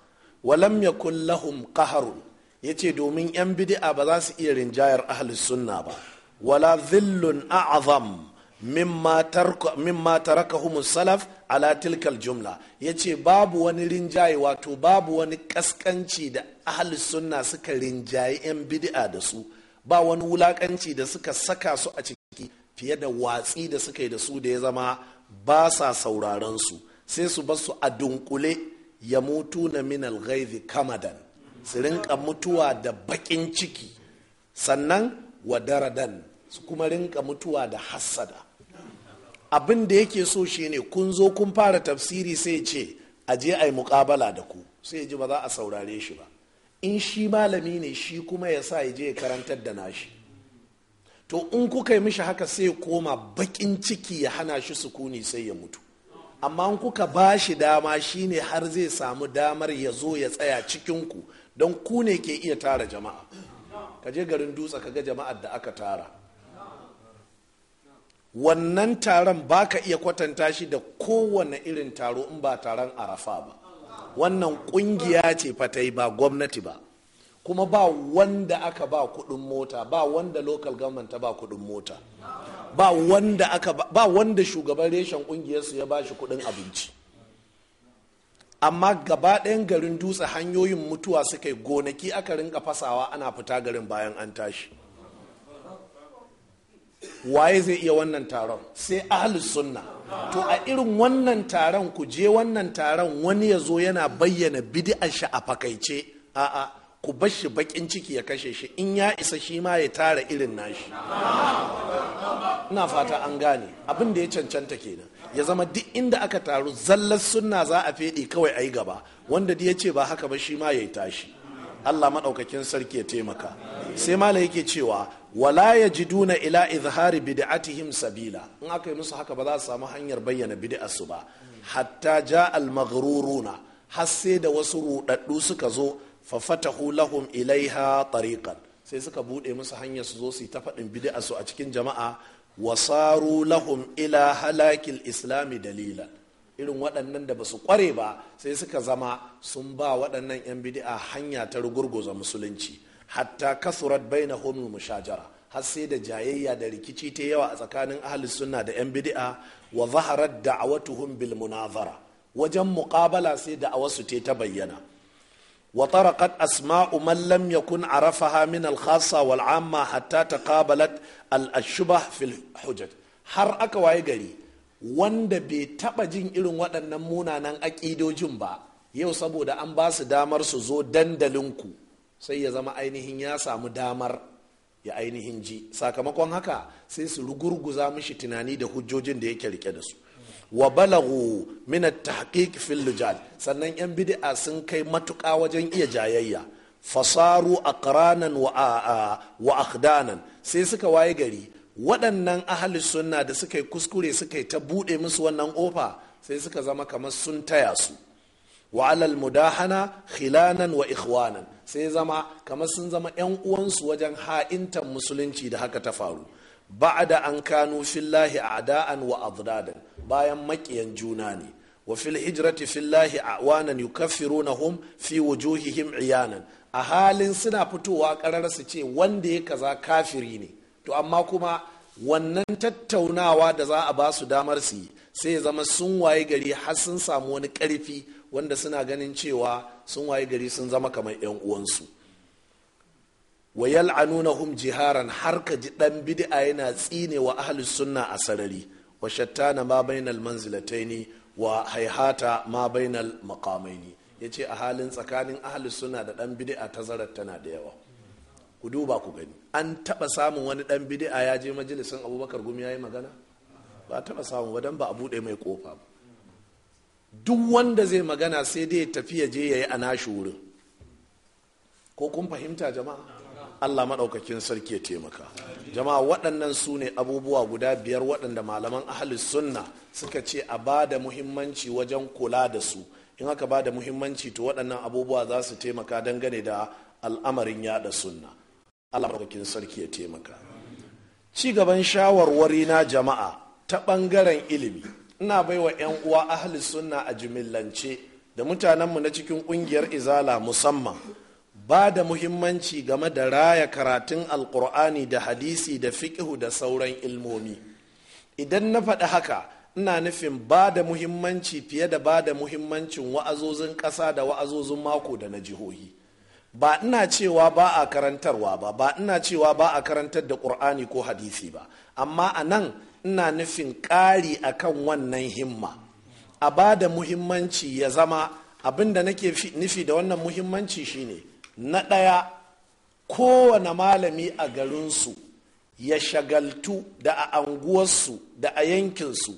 A: walam yakun lahum qaharun ya ce domin 'yan bidi'a ba za su iya rinjayar ahlus sunna ba wala zillun a'azam mimma tarakahumu salaf ala tilkal jumla ya ce babu wani rinjaye wato babu wani kaskanci da ahli sunna suka rinjaye yan bid'a da su ba wani wulakanci da suka saka su a ciki fiye da watsi da suka yi da su da ya zama ba sa sauraron su sai su basu a dunkule ya mutu na minal ghaizi kamadan su rinka mutuwa da bakin ciki sannan wa daradan su kuma rinka mutuwa da hassada abin da yake so shine kun zo kun fara tafsiri sai ce a je a yi mukabala da ku sai ji ba za a saurare shi ba in shi malami ne shi kuma ya sa ya je ya karantar da nashi to in kuka yi mishi haka sai koma bakin ciki ya hana shi sukuni sai ya mutu amma in kuka ba shi dama shine har zai samu damar ya zo ya tsaya cikinku don ku ne ke iya tara jama'a ka je garin dutse ka ga jama'ar da aka tara wannan taron ba ka iya kwatanta shi da kowane irin taro in ba taron arafa ba wannan kungiya ce fatai ba gwamnati ba kuma ba wanda aka ba kudin mota ba wanda local government ba kudin mota ba wanda aka ba wanda shugaban reshen kungiyarsu ya ba shi kudin abinci amma gaba ɗayan garin dutse hanyoyin mutuwa suka yi gonaki aka rinka fasawa ana fita garin bayan an tashi waye zai iya wannan taron sai ahlus sunna to a irin wannan taron ku je wannan taron wani ya zo yana bayyana bidi'a shi a fakaice a'a ku bar shi bakin ciki ya kashe shi in ya isa shi ma ya tara irin nashi ina fata an gane abin da ya cancanta kenan ya zama duk inda aka taru zallar sunna za a fedi kawai ayi gaba wanda da ya ce ba haka ba shi ma ya tashi Allah maɗaukakin sarki ya taimaka sai malam yake cewa wala ya duna ila izhari bid'atihim sabila in aka yi musu haka ba za su samu hanyar bayyana bid'arsu ba hatta ja al maghruruna har sai da wasu rudaddu suka zo fa fatahu lahum ilaiha tariqan sai suka bude musu hanyar su zo su yi ta faɗin bid'arsu a cikin jama'a wasaru lahum ila halakil islami dalilan irin waɗannan da ba su ƙware ba sai suka zama sun ba waɗannan 'yan bidi'a hanya ta rugurguza musulunci hatta kasurat baina homin mushajara har sai da jayayya da rikici ta yawa a tsakanin ahli sunna da 'yan bidi'a wa zaharar da'awatuhum bil munazara wajen muƙabala sai da wasu ta ta bayyana wa tarakat asma'u man lam yakun arafaha min al khassa wal amma hatta taqabalat al ashbah fil hujaj har aka waye gari wanda bai taba jin irin waɗannan munanan aƙidojin ba yau saboda an ba su damar su zo dandalinku sai ya zama ainihin ya samu damar ya ainihin ji sakamakon haka sai su rugurguza mishi tunani da hujjojin da yake rike da su wa balagu min at-tahqiq fil lujal sannan yan bid'a sun kai matuƙa wajen iya jayayya fasaru aqranan wa wa akhdanan sai suka waye gari waɗannan ahalis sunna da suka yi kuskure suka yi ta buɗe musu wannan ƙofa sai suka zama kamar sun taya su wa alal mudahana khilanan wa ikhwanan sai zama kamar sun zama 'yan uwansu wajen ha'intan musulunci da haka ta faru da an kanu fillahi a'da'an wa addadan bayan maƙiyan juna ne wa fil hijrati fillahi a'wanan yukaffirunahum fi wujuhihim iyanan a halin suna fitowa ƙarar ce wanda ya kaza kafiri ne to amma kuma wannan tattaunawa da za a ba su damar su yi sai ya zama sun waye gari har sun samu wani karfi wanda suna ganin cewa sun waye gari sun zama kamar 'yan uwansu wa hum jiharan har ka ji dan bid'a yana tsine wa ahlus sunna a sarari wa shattana ma bainal manzilataini wa haihata ma bainal maqamaini yace a halin tsakanin ahlus sunna da dan bid'a tazarar tana da yawa ku duba ku gani an taba samun wani dan bidi'a ya je majalisin abubakar gumi ya yi magana ba taba samun ba dan ba a bude mai kofa ba duk wanda zai magana sai dai tafi ya je ya yi a nashi wurin ko kun fahimta jama'a allah maɗaukakin sarki ya taimaka jama'a waɗannan su ne abubuwa guda biyar waɗanda malaman ahalus sunna suka ce a ba da muhimmanci wajen kula da su in aka ba da muhimmanci to waɗannan abubuwa za su taimaka dangane da al'amarin yaɗa sunna allah sarki ya taimaka ci gaban shawarwari na jama'a ta ɓangaren ilimi ina baiwa 'yan uwa ahli sunna a jimillance da mutanenmu na cikin ƙungiyar izala musamman ba da muhimmanci game da raya karatun Alƙur'ani da hadisi da fiƙihu da sauran ilmomi idan na faɗi haka ina nufin ba da muhimmanci fiye da ba da muhimmancin wa'azozin ƙasa da wa'azozin mako da na jihohi ba ina cewa ba a karantarwa ba ba ina cewa ba a karantar da ƙur'ani ko hadisi ba amma a nan ina nufin ƙari a kan wannan himma a ba da muhimmanci ya zama abin da nake nufi da wannan muhimmanci shine na ɗaya kowane malami a garinsu ya shagaltu da a anguwarsu da a yankinsu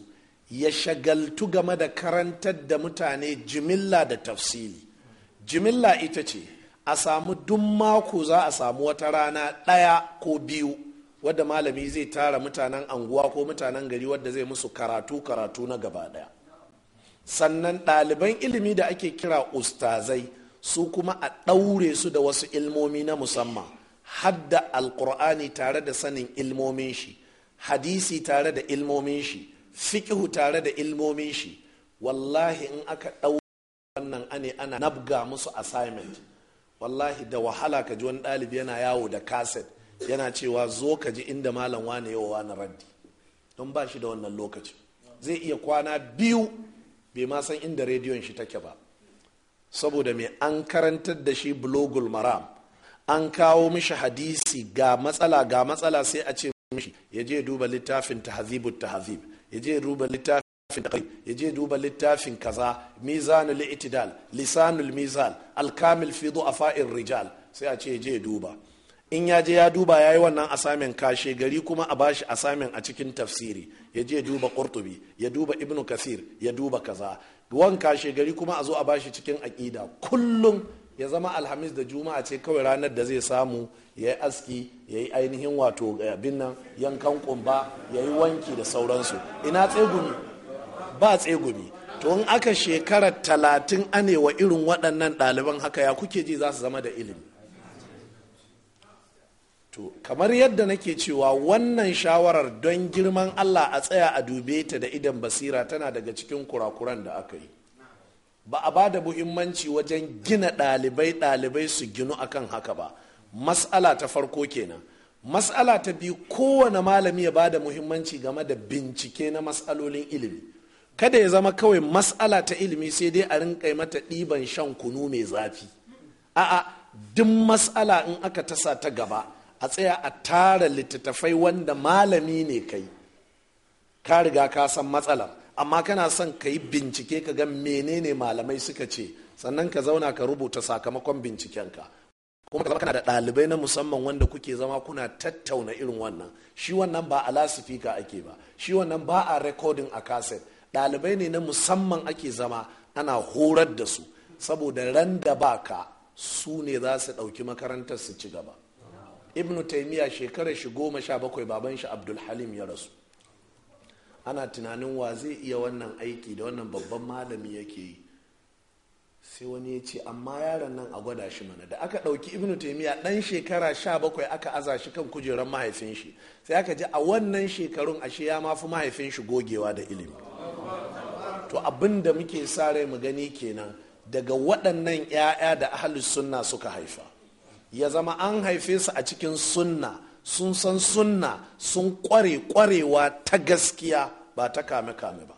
A: ya shagaltu game da karantar da mutane jimilla da tafsili jimilla ita ce a samu duk mako za a samu wata rana ɗaya ko biyu wadda malami zai tara mutanen anguwa ko mutanen gari wadda zai musu karatu karatu na gaba ɗaya sannan ɗaliban ilimi da ake kira ustazai su kuma a ɗaure su da wasu ilmomi na musamman hadda alkur'ani tare da sanin ilmomin shi hadisi tare da ilmomin shi fikihu tare da ilmomin shi wallahi in aka ɗaure wannan ana nabga musu assignment wallahi da wahala ka ji wani ɗalibi yana yawo da kaset yana cewa zo ka ji inda malam wane yawa wani raddi don ba shi da wannan lokaci zai iya kwana biyu bai ma san inda rediyon shi take ba saboda mai an karantar da shi blogul maram an kawo mishi hadisi ga matsala ga matsala sai a ce mishi ya je duba littafin tahazibu tahazib ya je duba littafin ya duba littafin kaza mizanul itidal lisanul mizal alkamil fi du'afa'ir sai a ce je duba in ya je ya duba ya yi wannan asamin kashe gari kuma a bashi asamin a cikin tafsiri ya je duba qurtubi ya duba ibnu kasir ya duba kaza wan kashe gari kuma a zo a bashi cikin aƙida kullum ya zama alhamis da juma'a ce kawai ranar da zai samu ya yi aski ya yi ainihin wato eh, abin nan yankan kumba ya yi wanki da sauransu ina tsegumi ba tsegumi to in aka shekara talatin ane wa irin waɗannan ɗaliban haka ya kuke ji za su zama da ilimi to kamar yadda nake cewa wannan shawarar don girman allah a tsaya a dube ta da idan basira tana daga cikin kurakuran da aka yi ba a ba da muhimmanci wajen gina ɗalibai ɗalibai su ginu akan haka ba mas'ala ta farko kenan mas'ala ta biyu kowane malami ya ba da muhimmanci game da bincike na mas'alolin ilimi kada ya zama kawai mas'ala ta ilimi sai dai a rinka mata ɗiban shan kunu mai zafi a'a duk mas'ala in aka tasa ta gaba a tsaya a tara littattafai wanda malami ne kai ka riga ka san matsalar amma kana son ka yi bincike ka ga menene malamai suka ce sannan ka zauna ka rubuta sakamakon bincikenka kuma ka zama kana da ɗalibai na musamman wanda kuke zama kuna tattauna irin wannan shi wannan ba a lasifika ake ba shi wannan ba a recording a kaset Dalibai ne na musamman ake zama ana horar da su saboda ran da ka su ne za su ɗauki makarantar su ci gaba ibnu taimiya shekarar shi goma sha bakwai baban shi abdul halim ya rasu ana tunanin wa zai iya wannan aiki da wannan babban malami yake yi sai wani ya ce amma yaron nan a gwada shi mana da aka ɗauki ibnu taimiya ɗan shekara sha bakwai aka aza shi kan kujerar mahaifin shi sai aka je a wannan shekarun ashe ya mafi mahaifin shi gogewa da ilimi to abin da muke sa rai mu gani kenan daga waɗannan 'ya'ya da ahalus sunna suka haifa ya zama an haife su a cikin sunna sun san sunna sun ƙware ƙwarewa ta gaskiya ba ta kame-kame ba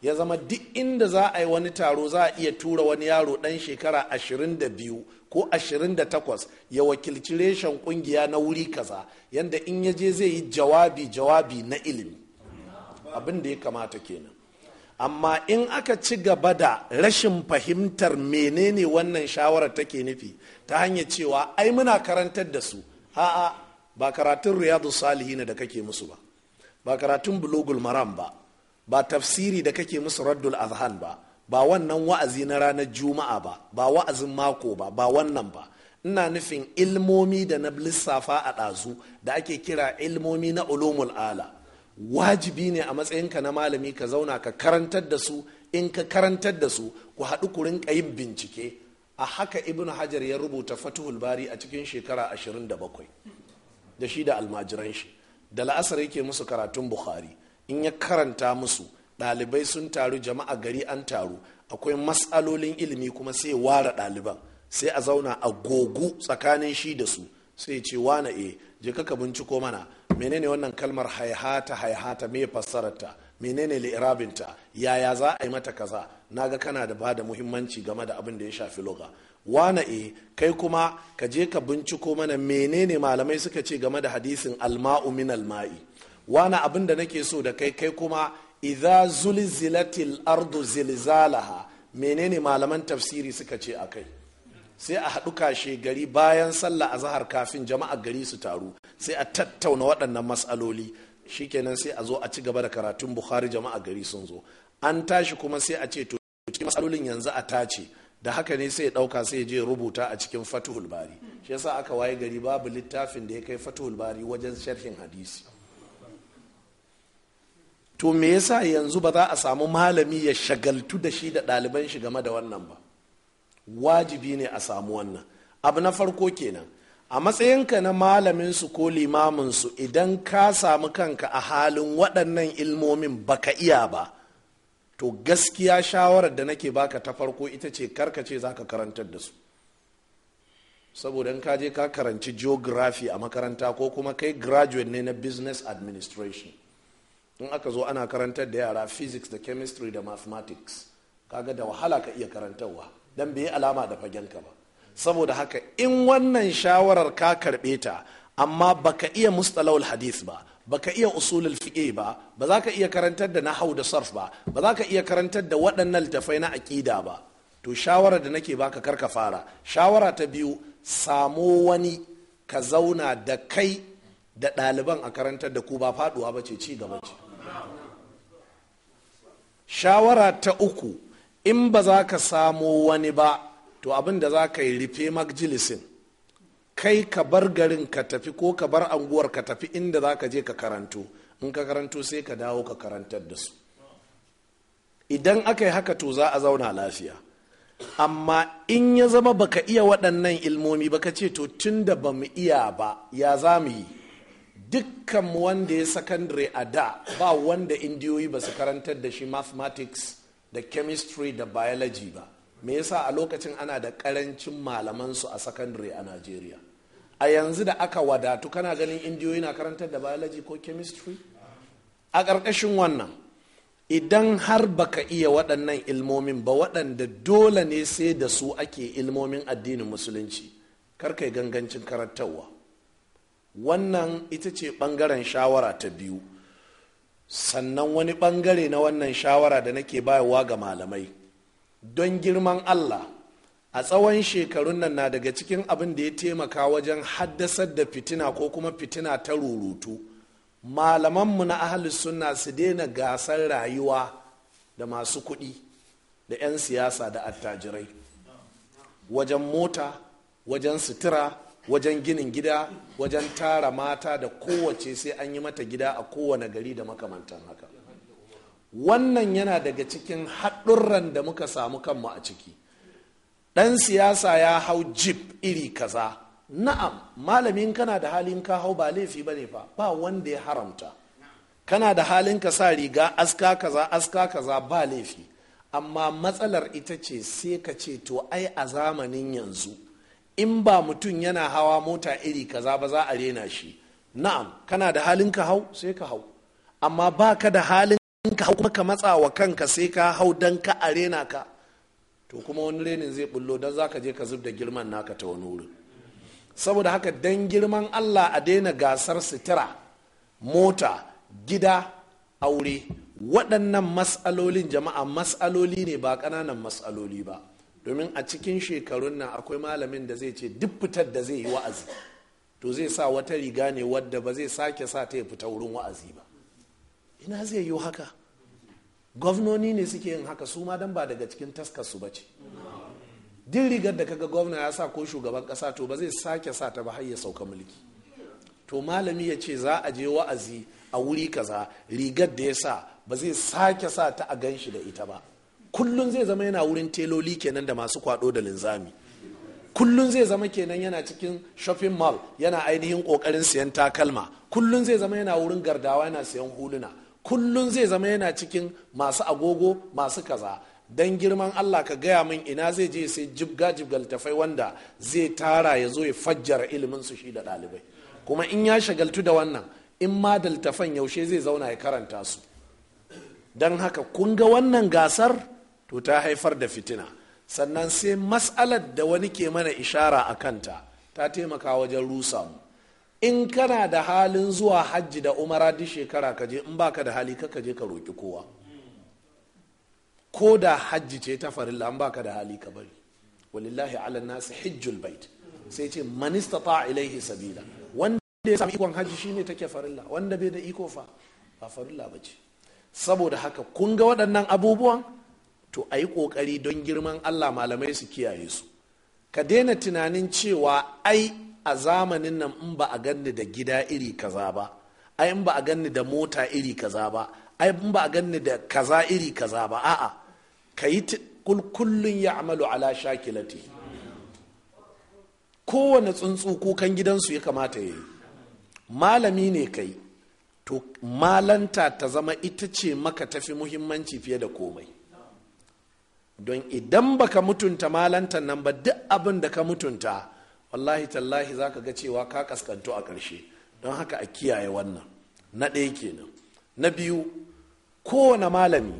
A: ya zama duk inda za a yi wani taro za a iya tura wani yaro ɗan shekara 22 ko 28 ya wakilci reshen ƙungiya na wuri kaza yadda in ya je zai yi jawabi jawabi na ilimi abin da ya kamata kenan amma in aka ci gaba da rashin fahimtar menene wannan shawarar take nufi ta hanyar cewa ai muna karantar da su a'a ba karatun riyadu ne da kake musu ba ba karatun bulugul maram ba ba tafsiri da kake musu raddul azhan ba ba wannan wa'azi na ranar juma'a ba ba wa'azin mako ba ba wannan ba ina nufin ilmomi da na lissafa a ɗazu da ake kira ilmomi na ulumul ala wajibi ne a matsayinka na malami ka zauna ka karantar da su in ka karantar da su ku haɗu ku rinka yin bincike a haka ibnu hajar ya rubuta fatuhul bari a cikin shekara 27 da shi da almajiran shi da la'asar yake musu karatun bukhari in ya karanta musu ɗalibai sun taru jama'a gari an taru akwai matsalolin ilimi kuma sai ware ɗaliban sai a zauna a gogu tsakanin shi da su sai ce wane e je ka binciko mana menene wannan kalmar haihata haihata me fassararta menene li'irabinta yaya za a yi mata kaza naga kana da ba da muhimmanci game da abin da ya shafi loga wana e eh, kai kuma ka je ka binciko mana menene malamai suka ce game da hadisin alma'u min alma'i wana abin da nake so da kai kai kuma idza zulzilatil ardu zilzalaha menene malaman tafsiri suka ce akai sai a haɗu kashe gari bayan sallah a zahar kafin jama'a gari su taru sai a tattauna waɗannan matsaloli shikenan sai a zo a ci gaba da karatun bukhari jama'a gari sun zo an tashi kuma sai a ce to cikin matsalolin yanzu a tace da haka ne sai ya ɗauka sai ya je rubuta a cikin fatuhul bari shi yasa aka waye gari babu littafin da ya kai fatuhul bari wajen sharhin hadisi to me yasa yanzu ba za a samu malami ya shagaltu da shi da ɗaliban shi game da wannan ba wajibi ne a samu wannan abu na farko kenan a matsayinka na malamin su ko limamin su idan ka samu kanka a halin waɗannan ilmomin baka iya ba to gaskiya shawarar da nake baka ta farko ita ce ce za ka karantar da su saboda in ka je ka karanci geography a makaranta ko kuma kai graduate ne na business administration in aka zo ana karantar da yara physics da chemistry da mathematics kaga da wahala ka iya karantarwa dan bai alama da fagenka ba saboda haka in wannan shawarar ka karɓe ta amma baka iya mustalawul hadith ba baka iya usulul fiqh ba ba za ka iya karantar da hau da sarf ba ba za ka iya karantar da waɗannan littafai na aƙida ba to shawara da nake baka kar ka fara shawara ta biyu samo wani ka zauna da kai da ɗaliban a karantar da ku ba faɗuwa ba ce ci gaba ce shawara ta uku in ba za ka samo wani ba to abin da za ka yi rufe majalisin kai ka bar garin ka tafi ko ka bar anguwar ka tafi inda za ka je ka karanto in ka karanto sai ka dawo ka karantar da su idan aka yi haka to za a zauna lafiya amma in ya zama baka iya waɗannan ilmomi baka ce to tun da ba mu iya ba ya za mu yi dukkan wanda ya sakandare a da ba wanda indiyoyi ba su karantar da shi mathematics da chemistry da biology ba me yasa a lokacin ana da karancin malaman su a secondary a Najeriya a yanzu da aka wadatu kana ganin indiyoyi na karantar da biology ko chemistry a ƙarƙashin wannan idan har baka iya waɗannan ilmomin ba waɗanda dole ne sai da su ake ilmomin addinin musulunci karkai gangancin karantarwa wannan ita ce ɓangaren shawara ta biyu sannan wani ɓangare na wannan shawara da nake bayarwa ga malamai don girman allah a tsawon shekarun nan na daga cikin abin da ya taimaka wajen haddasar da fitina ko kuma fitina ta rurutu malamanmu na ahalus suna su daina gasar rayuwa da masu kuɗi da 'yan siyasa da attajirai wajen mota wajen sutura wajen ginin gida wajen tara mata da kowace sai an yi mata gida a kowane gari da makamantan haka wannan yana daga cikin haɗurran da muka samu kanmu a ciki ɗan siyasa ya hau jip iri kaza na'am malamin kana da halin ka hau ba laifi ba ne fa ba wanda ya haramta kana da halin ka sa riga aska kaza aska kaza ba laifi amma matsalar ita ce sai ka ce to ai a zamanin yanzu in ba mutum yana hawa mota iri kaza ba za a rena shi na'am kana da halin ka hau sai ka hau amma ba ka da halin ka hau kuma ka matsa wa kanka sai ka hau dan ka a rena ka to kuma wani renin zai bullo don za ka je ka zub da girman naka ta wani wurin saboda haka dan girman allah a daina gasar sitira mota gida aure waɗannan matsalolin jama'a matsaloli ne ba ƙananan matsaloli ba domin a cikin shekarun nan akwai malamin da zai ce duk fitar da zai yi wa'azi to zai sa wata riga ne wadda ba zai sake sa ta ya fita wurin wa'azi ba ina zai yi haka gwamnoni ne suke yin haka su ma dan ba daga cikin taskarsu ba ce duk rigar da kaga gwamna ya sa ko shugaban kasa to ba zai sake sa ta ba har ya sauka mulki to malami ya ce za a je wa'azi a wuri kaza rigar da ya sa ba zai sake sa ta a ganshi da ita ba kullun zai zama yana wurin teloli kenan da masu kwado da linzami kullun zai zama kenan yana cikin shopping mall yana ainihin kokarin siyan takalma kullun zai zama yana wurin gardawa yana siyan huluna kullun zai zama yana cikin masu agogo masu kaza dan girman Allah ka gaya min ina zai je sai jibga jibga littafai wanda zai tara ya zo ya fajjar ilimin su shi da ɗalibai kuma in ya shagaltu da wannan in ma da yaushe zai zauna ya karanta su don haka kun ga wannan gasar to ta haifar da fitina sannan sai matsalar da wani ke mana ishara a kanta ta taimaka wajen rusa mu in kana da halin zuwa hajji da umara duk shekara ka je in baka da hali ka je ka roƙi kowa ko da hajji ce ta farilla in baka da hali ka bari walillahi ala nasi hijjul bait sai ce manista ta ilaihi sabila wanda ya sami ikon hajji shine take farilla wanda bai da iko fa ba farilla bace saboda haka kun ga waɗannan abubuwan to a yi ƙoƙari don girman allah malamai su kiyaye su ka daina tunanin cewa ai a zamanin nan in ba a ganni da gida iri kaza ba ai in ba a ganni da mota iri kaza ba ai in ba a ganni da kaza iri kaza ba a'a ka yi kullun ya amalu ala shakilati kowane tsuntsu kukan gidansu ya kamata ya yi malami ne kai to malanta ta zama ita ce maka tafi muhimmanci fiye da komai don idan baka mutunta malantan nan ba duk abin da ka mutunta wallahi tallahi za ka ga cewa ka kaskanto a ƙarshe don haka a kiyaye wannan na ɗaya kenan na biyu kowane malami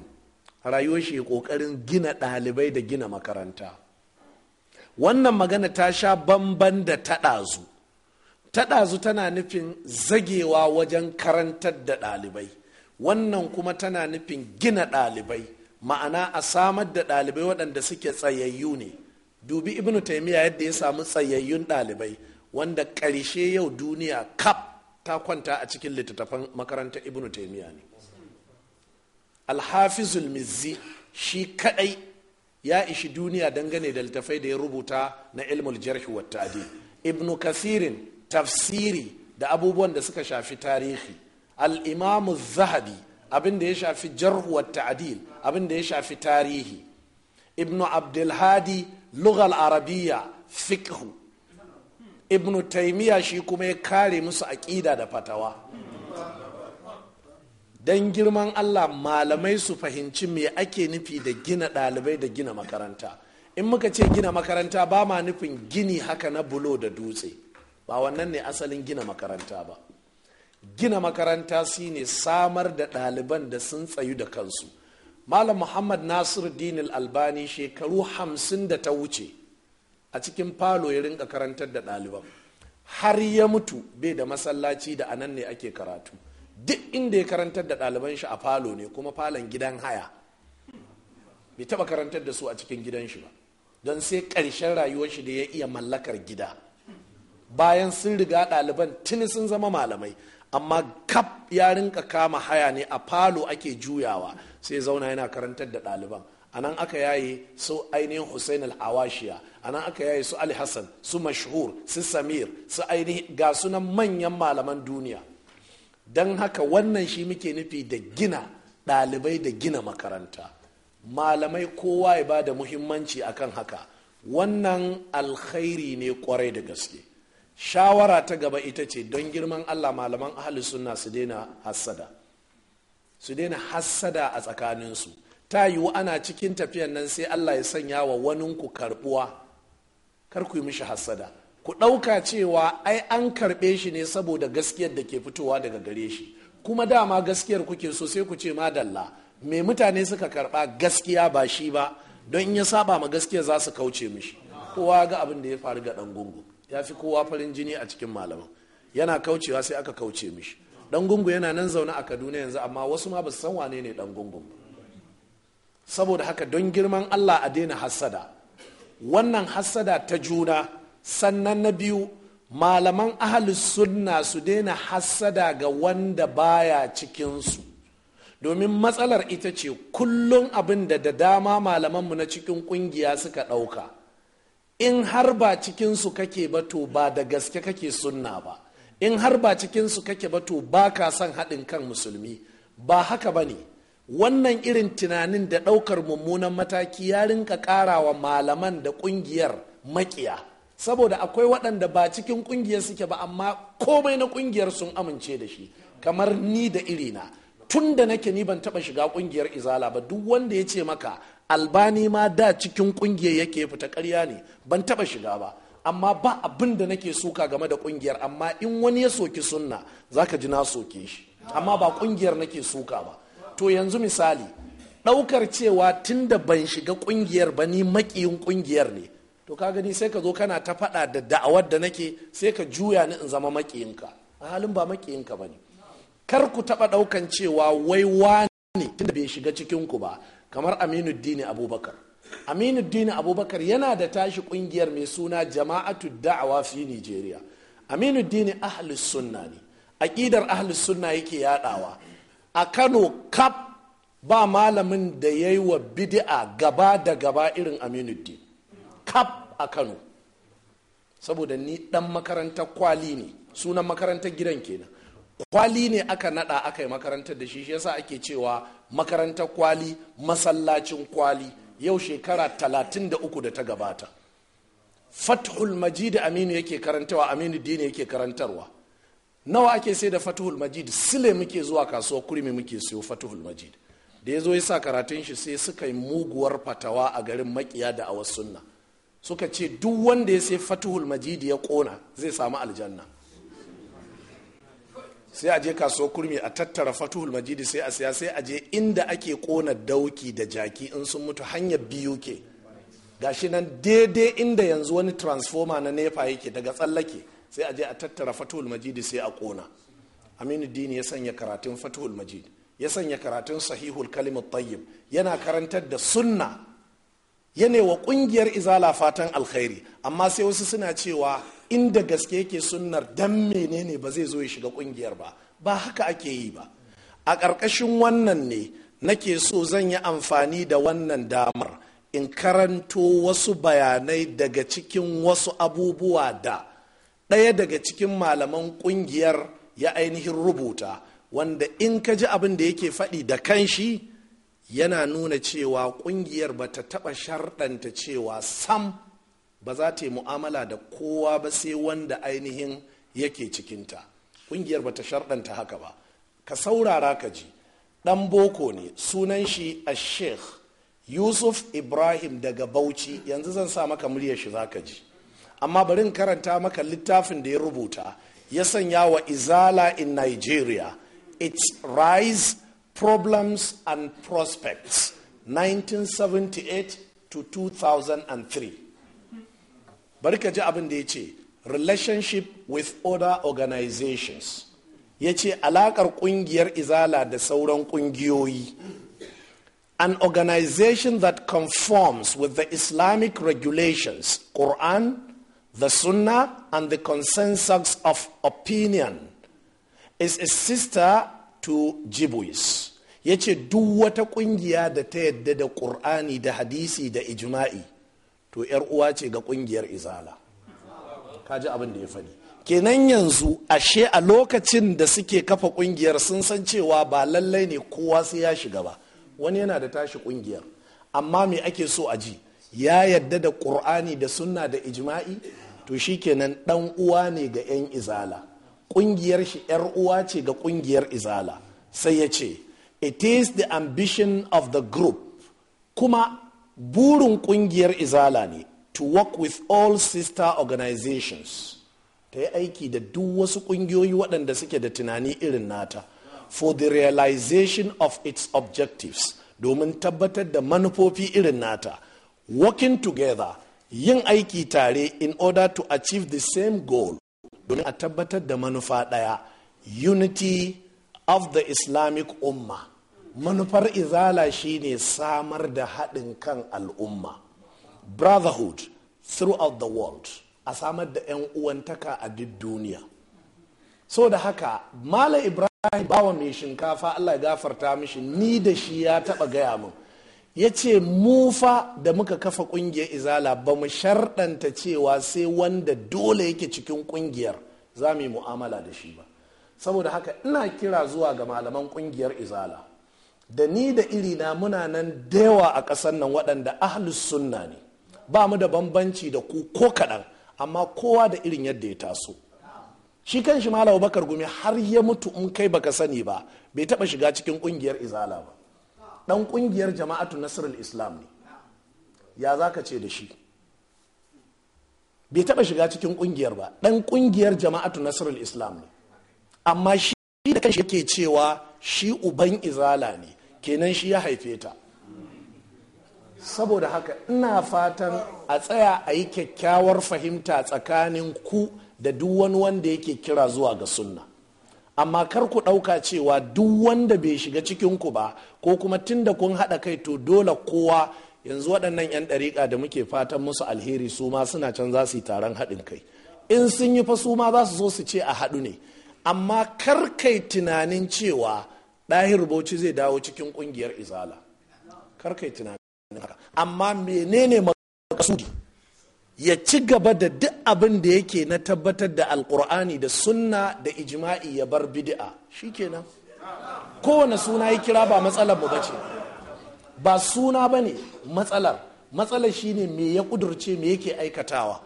A: rayuwar shi ƙoƙarin gina ɗalibai da gina makaranta wannan magana ta sha bamban da taɗazu taɗazu tana nufin zagewa wajen karantar da ɗalibai wannan kuma tana nufin gina ɗalibai ma'ana a samar da ɗalibai waɗanda suke tsayayyu ne dubi ibnu taimiyya yadda ya samu tsayayyun ɗalibai wanda ƙarshe yau duniya kaf ta kwanta a cikin littattafan makaranta ibnu taimiyya ne alhafizul mizzi shi kaɗai ya ishi duniya dangane da littattafai da ya rubuta na ilmul jarhi wa ibnu kasirin tafsiri da abubuwan da suka shafi tarihi al-imamu zahabi abin da ya shafi jarhuwar ta'adil abin da ya shafi tarihi ibnu abdulhadi lughal Arabiya, fiqhu ibnu taimiya shi kuma ya kare musu aƙida da fatawa don girman allah malamai su fahimci me ake nufi da gina ɗalibai da gina makaranta in muka ce gina makaranta ba ma nufin gini haka na bulo da dutse ba wannan ne asalin gina makaranta ba gina makaranta shine samar da ɗaliban da sun tsayu da kansu malam muhammad nasiru dinil albani shekaru hamsin da ta wuce a cikin falo ya rinka karantar da ɗaliban har ya mutu bai da masallaci da anan ne ake karatu duk inda ya karantar da ɗaliban shi a falo ne kuma falon gidan haya bai taba karantar da su a cikin gidan shi ba don sai ƙarshen rayuwar shi da ya iya mallakar gida bayan sun riga ɗaliban tuni sun zama malamai amma kap ya rinka kama haya ne a falo ake juyawa sai zauna yana karantar da ɗaliban a nan aka yaye su ainihin hussein al-awashiya a nan aka yaye su ali hassan su mashhur su samir su ainihin ga sunan manyan malaman duniya don haka wannan shi muke nufi da gina ɗalibai da gina makaranta malamai kowa ya ba da muhimmanci akan haka wannan alkhairi ne kwarai da gaske shawara ta gaba ita ce don girman allah malaman ahli sunna su daina hassada su daina hassada a tsakaninsu ta yiwu ana cikin tafiyan nan sai allah ya sanya wa waninku karbuwa kar ku yi mishi hassada ku ɗauka cewa ai an karɓe shi ne saboda gaskiyar da ke fitowa daga gare shi kuma dama gaskiyar kuke so sai ku ce madalla me mutane suka karɓa gaskiya ba shi ba don in ya saba ma gaskiya za su kauce mishi kowa ga abin da ya faru ga ɗan gungun ya fi kowa farin jini a cikin malaman yana kaucewa sai aka kauce mishi dan gungu yana nan zaune a kaduna yanzu amma wasu ma ba su san wane ne dan gungu saboda haka don girman allah a daina hassada wannan hassada ta juna sannan na biyu malaman ahalus sunna su daina hassada ga wanda baya cikinsu domin matsalar ita ce kullum abin da da dama malamanmu na cikin kungiya suka ɗauka in har ba cikinsu kake ba to ba da gaske kake sunna ba in har ba cikinsu kake ba to ba ka son haɗin kan musulmi ba haka ba ne wannan irin tunanin da ɗaukar mummunan mataki ya rinka ƙarawa malaman da ƙungiyar maƙiya saboda akwai waɗanda ba cikin ƙungiyar suke ba amma komai na ƙungiyar sun amince da shi kamar ni da irina tun da nake ni ban taɓa shiga ƙungiyar izala ba duk wanda ya ce maka albani ma da cikin ƙungiyar yake fita karya ne ban taɓa shiga ba amma ba abin da nake suka game da ƙungiyar amma in wani ya soki sunna zaka ji na soke shi amma ba ƙungiyar nake suka ba to yanzu misali ɗaukar cewa tun da ban shiga ƙungiyar ba ni makiyin ƙungiyar ne to ka gani sai ka zo kana ta faɗa da da'awar da nake sai ka juya ni in zama makiyinka a halin ba makiyinka ba ne kar ku taɓa ɗaukan cewa wai wani tun da bai shiga cikinku ba kamar aminuddini abubakar aminuddini abubakar yana da tashi kungiyar mai suna jama'atu da'awa fi nigeria aminuddini ahlus sunna ne aƙidar ahlus sunna yake yaɗawa a kano kap ba malamin da ya yi wa bidi'a gaba da gaba irin aminuddin kap a kano saboda ni dan makarantar kwali ne sunan makarantar gidan kenan kwali ne aka nada aka yi makarantar da shi shi yasa ake cewa makarantar kwali masallacin kwali yau shekara talatin da uku da ta gabata fathul majid aminu yake karantawa aminu dini yake karantarwa nawa ake sai da fathul majid sile muke zuwa kasuwa kurmi muke siyo fathul majid da ya zo ya sa karatun shi sai suka yi muguwar fatawa a garin makiya da awas sunna suka ce duk wanda ya sai fathul majid ya kona zai samu aljanna sai a je kasuwar kurmi a tattara fatuhul majidi sai a siya sai a je inda ake kona dauki da jaki in sun mutu hanyar biyu ke gashi nan daidai inda yanzu wani transformer na nepa yake daga tsallake sai a je a tattara fatuhul majidi sai a kona aminu dini ya sanya karatun fatuhul majidi ya sanya karatun sahihul kalimat tayyib yana karantar da sunna ya wa kungiyar izala fatan alkhairi amma sai wasu suna cewa inda gaske yake sunnar dan menene ba zai zo ya shiga kungiyar ba ba haka ake yi ba a ƙarƙashin wannan ne nake so zan yi amfani da wannan damar in karanto wasu bayanai daga cikin wasu abubuwa da ɗaya daga cikin malaman ƙungiyar ya ainihin rubuta wanda in ka ji abin da yake faɗi da kanshi yana nuna cewa ƙungiyar ba ta taɓa sharɗanta cewa sam ba za ta yi mu'amala da kowa ba sai wanda ainihin yake cikinta ƙungiyar ba ta sharɗanta haka ba ka saurara ka ji ɗan boko ne sunan shi a sheikh yusuf ibrahim daga bauchi yanzu zan sa maka muryar shi zaka ji amma bari in karanta maka littafin da ya rubuta ya sanya wa izala in nigeria its rise problems and prospects 1978 to 2003 bari ka ji abin da ya ce relationship with other organizations ya ce alakar kungiyar izala da sauran kungiyoyi an organization that conforms with the islamic regulations quran the sunnah and the consensus of opinion is a sister to jibuis ya ce duk wata kungiya da ta yadda da ƙur'ani da hadisi da ijma'i to yar uwa ce ga kungiyar izala kaji abin da ya faɗi kenan yanzu ashe a lokacin da suke kafa kungiyar sun san cewa ba lallai ne kowa sai ya shiga ba wani yana da tashi kungiyar amma me ake so a ji ya yadda da ƙur'ani da sunna da ijma'i to shi kenan ɗan uwa ne ga 'yan izala ƙungiyar shi 'yar uwa ce ga ƙungiyar izala sai ya ce it is the ambition of the group kuma burin kungiyar izala ne to work with all sister organizations ta yi aiki da duk wasu kungiyoyi waɗanda suke da tunani irin nata for the realization of its objectives domin tabbatar da manufofi irin nata working together yin aiki tare in order to achieve the same goal domin a tabbatar da manufa ɗaya unity of the islamic ummah manufar izala shine samar da haɗin kan al'umma brotherhood throughout the world a samar da 'yan uwantaka a duk duniya so da haka mala ibrahim bawa mai shinkafa allah gafarta mishi ni da shi ya taɓa gaya min ya ce mufa da muka kafa ƙungiyar izala ba mu sharɗanta cewa sai wanda dole yake cikin ƙungiyar za mu yi mu'amala da shi ba saboda haka ina kira zuwa ga malaman ƙungiyar izala da ni da iri na muna nan da a ƙasar nan waɗanda ahlus sunna ne ba mu da bambanci da ku ko kaɗan amma kowa da irin yadda ya taso shi kan shi malam bakar gumi har ya mutu in kai baka sani ba bai taɓa shiga cikin ƙungiyar izala ba ɗan ƙungiyar jama'atu nasirul islam ne ya za ka ce da shi bai taɓa shiga cikin ƙungiyar ba ɗan ƙungiyar jama'atu nasirul islam ne amma shi da kanshi yake cewa shi uban izala ne kenan shi ya haife ta saboda haka ina fatan a tsaya a yi kyakkyawar fahimta tsakanin ku da duk wani wanda yake kira zuwa ga sunna amma kar ku ɗauka cewa duk wanda bai shiga cikinku ba ko kuma tunda kun haɗa kai to dole kowa yanzu waɗannan 'yan ɗariƙa da muke fatan musu alheri su ma suna can za su yi taron haɗin kai in sun yi fa su ma za su zo su ce a haɗu ne amma kar kai tunanin cewa Ɗahir bauchi zai dawo cikin ƙungiyar izala yi tunanin haka amma menene makasudi ya ci gaba da duk abin da yake na tabbatar da alkur'ani da sunna da ijma'i ya bar bid'a shikenan kowane suna ya kira ba matsalar mu bace ba suna ba ne matsalar matsalar shine me ya kudurce me yake aikatawa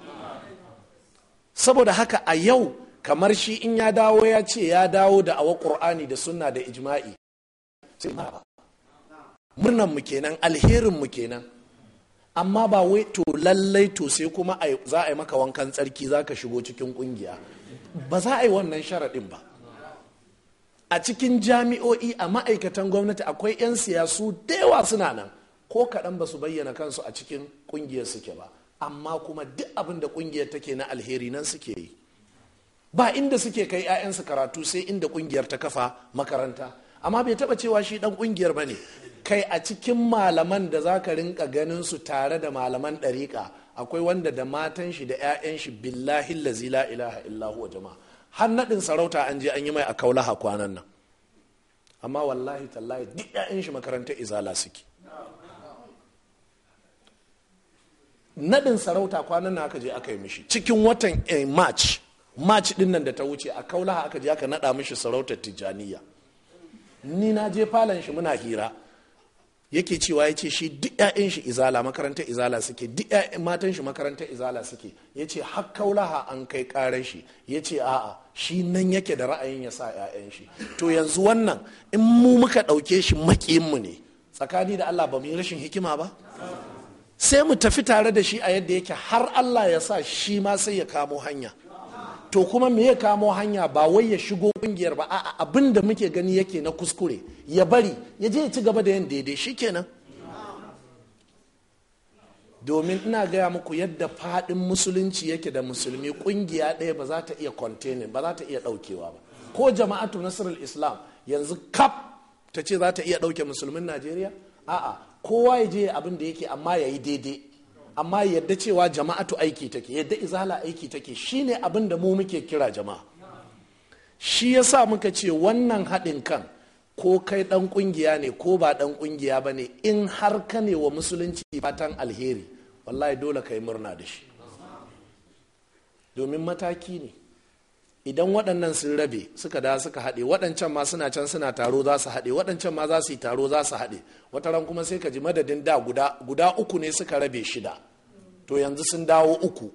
A: saboda haka a yau kamar shi in ya dawo ya ce ya dawo da awa qur'ani da sunna da ijma'i sai ba murnan mu kenan alherin mu kenan amma ba wai to lallai to sai kuma za a yi maka wankan tsarki za ka shigo cikin kungiya ba za a yi wannan sharaɗin ba a cikin jami'o'i a ma'aikatan gwamnati akwai 'yan siyasu da suna nan ko kaɗan ba su bayyana kansu a cikin ƙungiyar suke ba amma kuma duk abin da ƙungiyar take na alheri nan suke yi ba inda suke kai 'ya'yansu karatu sai inda kungiyar ta kafa makaranta amma bai taba cewa shi dan kungiyar ba ne kai a cikin malaman da za ka rinka ganin su tare da malaman ɗariƙa akwai wanda da matan shi da 'ya'yan shi billahi lazi la ilaha illahu wa jama'a har naɗin sarauta an je an yi mai a kaulaha kwanan nan amma wallahi tallahi duk 'ya'yan shi makarantar izala suke naɗin sarauta kwanan nan aka je aka yi mishi cikin watan eh, march march din nan da ta wuce a kaulaha aka je aka nada mishi sarautar tijjaniya ni na je falon shi muna hira yake cewa ya ce shi duk 'ya'yan shi izala makarantar izala suke duk 'ya'yan matan shi makarantar izala suke ya ce an kai karar shi ya ce a'a shi nan yake da ra'ayin ya sa 'ya'yan shi to yanzu wannan in mu muka ɗauke shi mu ne tsakani da allah ba mu yi rashin hikima ba sai mu tafi tare da shi a yadda yake har allah ya sa shi ma sai ya kamo hanya to kuma me ya kamo hanya ba wai ya shigo kungiyar ba a'a abin da muke gani yake na kuskure ya bari ya je ya ci gaba da yin daidai shi kenan. domin ina gaya muku yadda fadin musulunci yake da musulmi kungiya ɗaya ba za ta iya containing ba za ta iya ɗaukewa ba ko jama'atu nasarar islam yanzu kap ta ce za ta iya ɗauke musulmin najeriya a'a kowa ya je abin da yake amma ya yi daidai amma yadda cewa jama'atu aiki take yadda izala aiki take shine abin da mu muke kira jama'a shi yasa muka ce wannan haɗin kan ko kai ɗan ƙungiya ne ko ba ɗan ƙungiya ba ne in har ka ne wa musulunci fatan alheri wallahi dole ka yi murna da shi domin mataki ne idan waɗannan sun rabe suka da suka haɗe waɗancan ma suna can suna taro za su haɗe waɗancan ma za su yi taro za su haɗe wata ran kuma sai ka ji madadin da guda uku ne suka rabe shida to yanzu sun dawo uku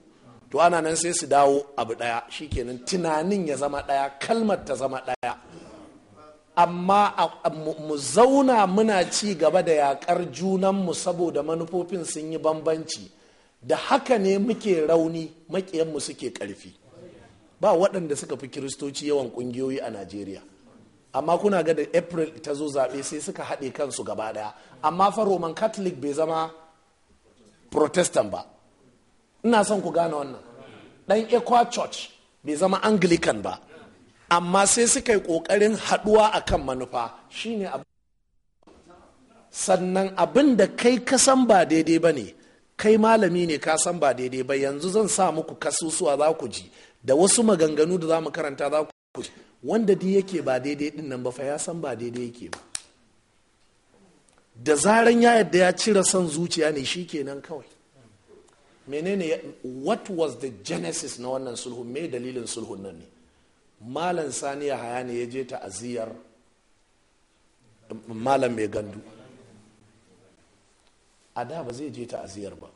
A: to ana nan sai su dawo abu ɗaya shikenan tunanin ya zama daya kalmar ta zama daya. amma mu zauna muna ci gaba da yakar junanmu saboda manufofin sun yi bambanci da haka ne muke rauni maƙiyanmu suke karfi ba waɗanda suka fi kiristoci yawan ƙungiyoyi a najeriya amma kuna ga da april ta zo zaɓe sai suka haɗe kansu gaba ɗaya amma faroman roman catholic bai zama protestant ba ina son ku gane wannan dan equa church bai zama anglican ba amma sai suka yi kokarin haduwa akan manufa shine abu sannan abin da kai ka san ba daidai ba ne kai malami ne ka san ba daidai ba yanzu zan sa muku kasusuwa za ku ji da wasu maganganu da za mu karanta za ku ji wanda duk yake ba daidai din nan ba fa ya san ba daidai yake ba da zaran ya yadda ya cire son zuciya ne shi kenan kawai menene what was the genesis na wannan sulhu me dalilin sulhun nan ne malam saniya haya ne ya je ta'aziyar um, malam mai gandu a da ba zai je ta'aziyar ba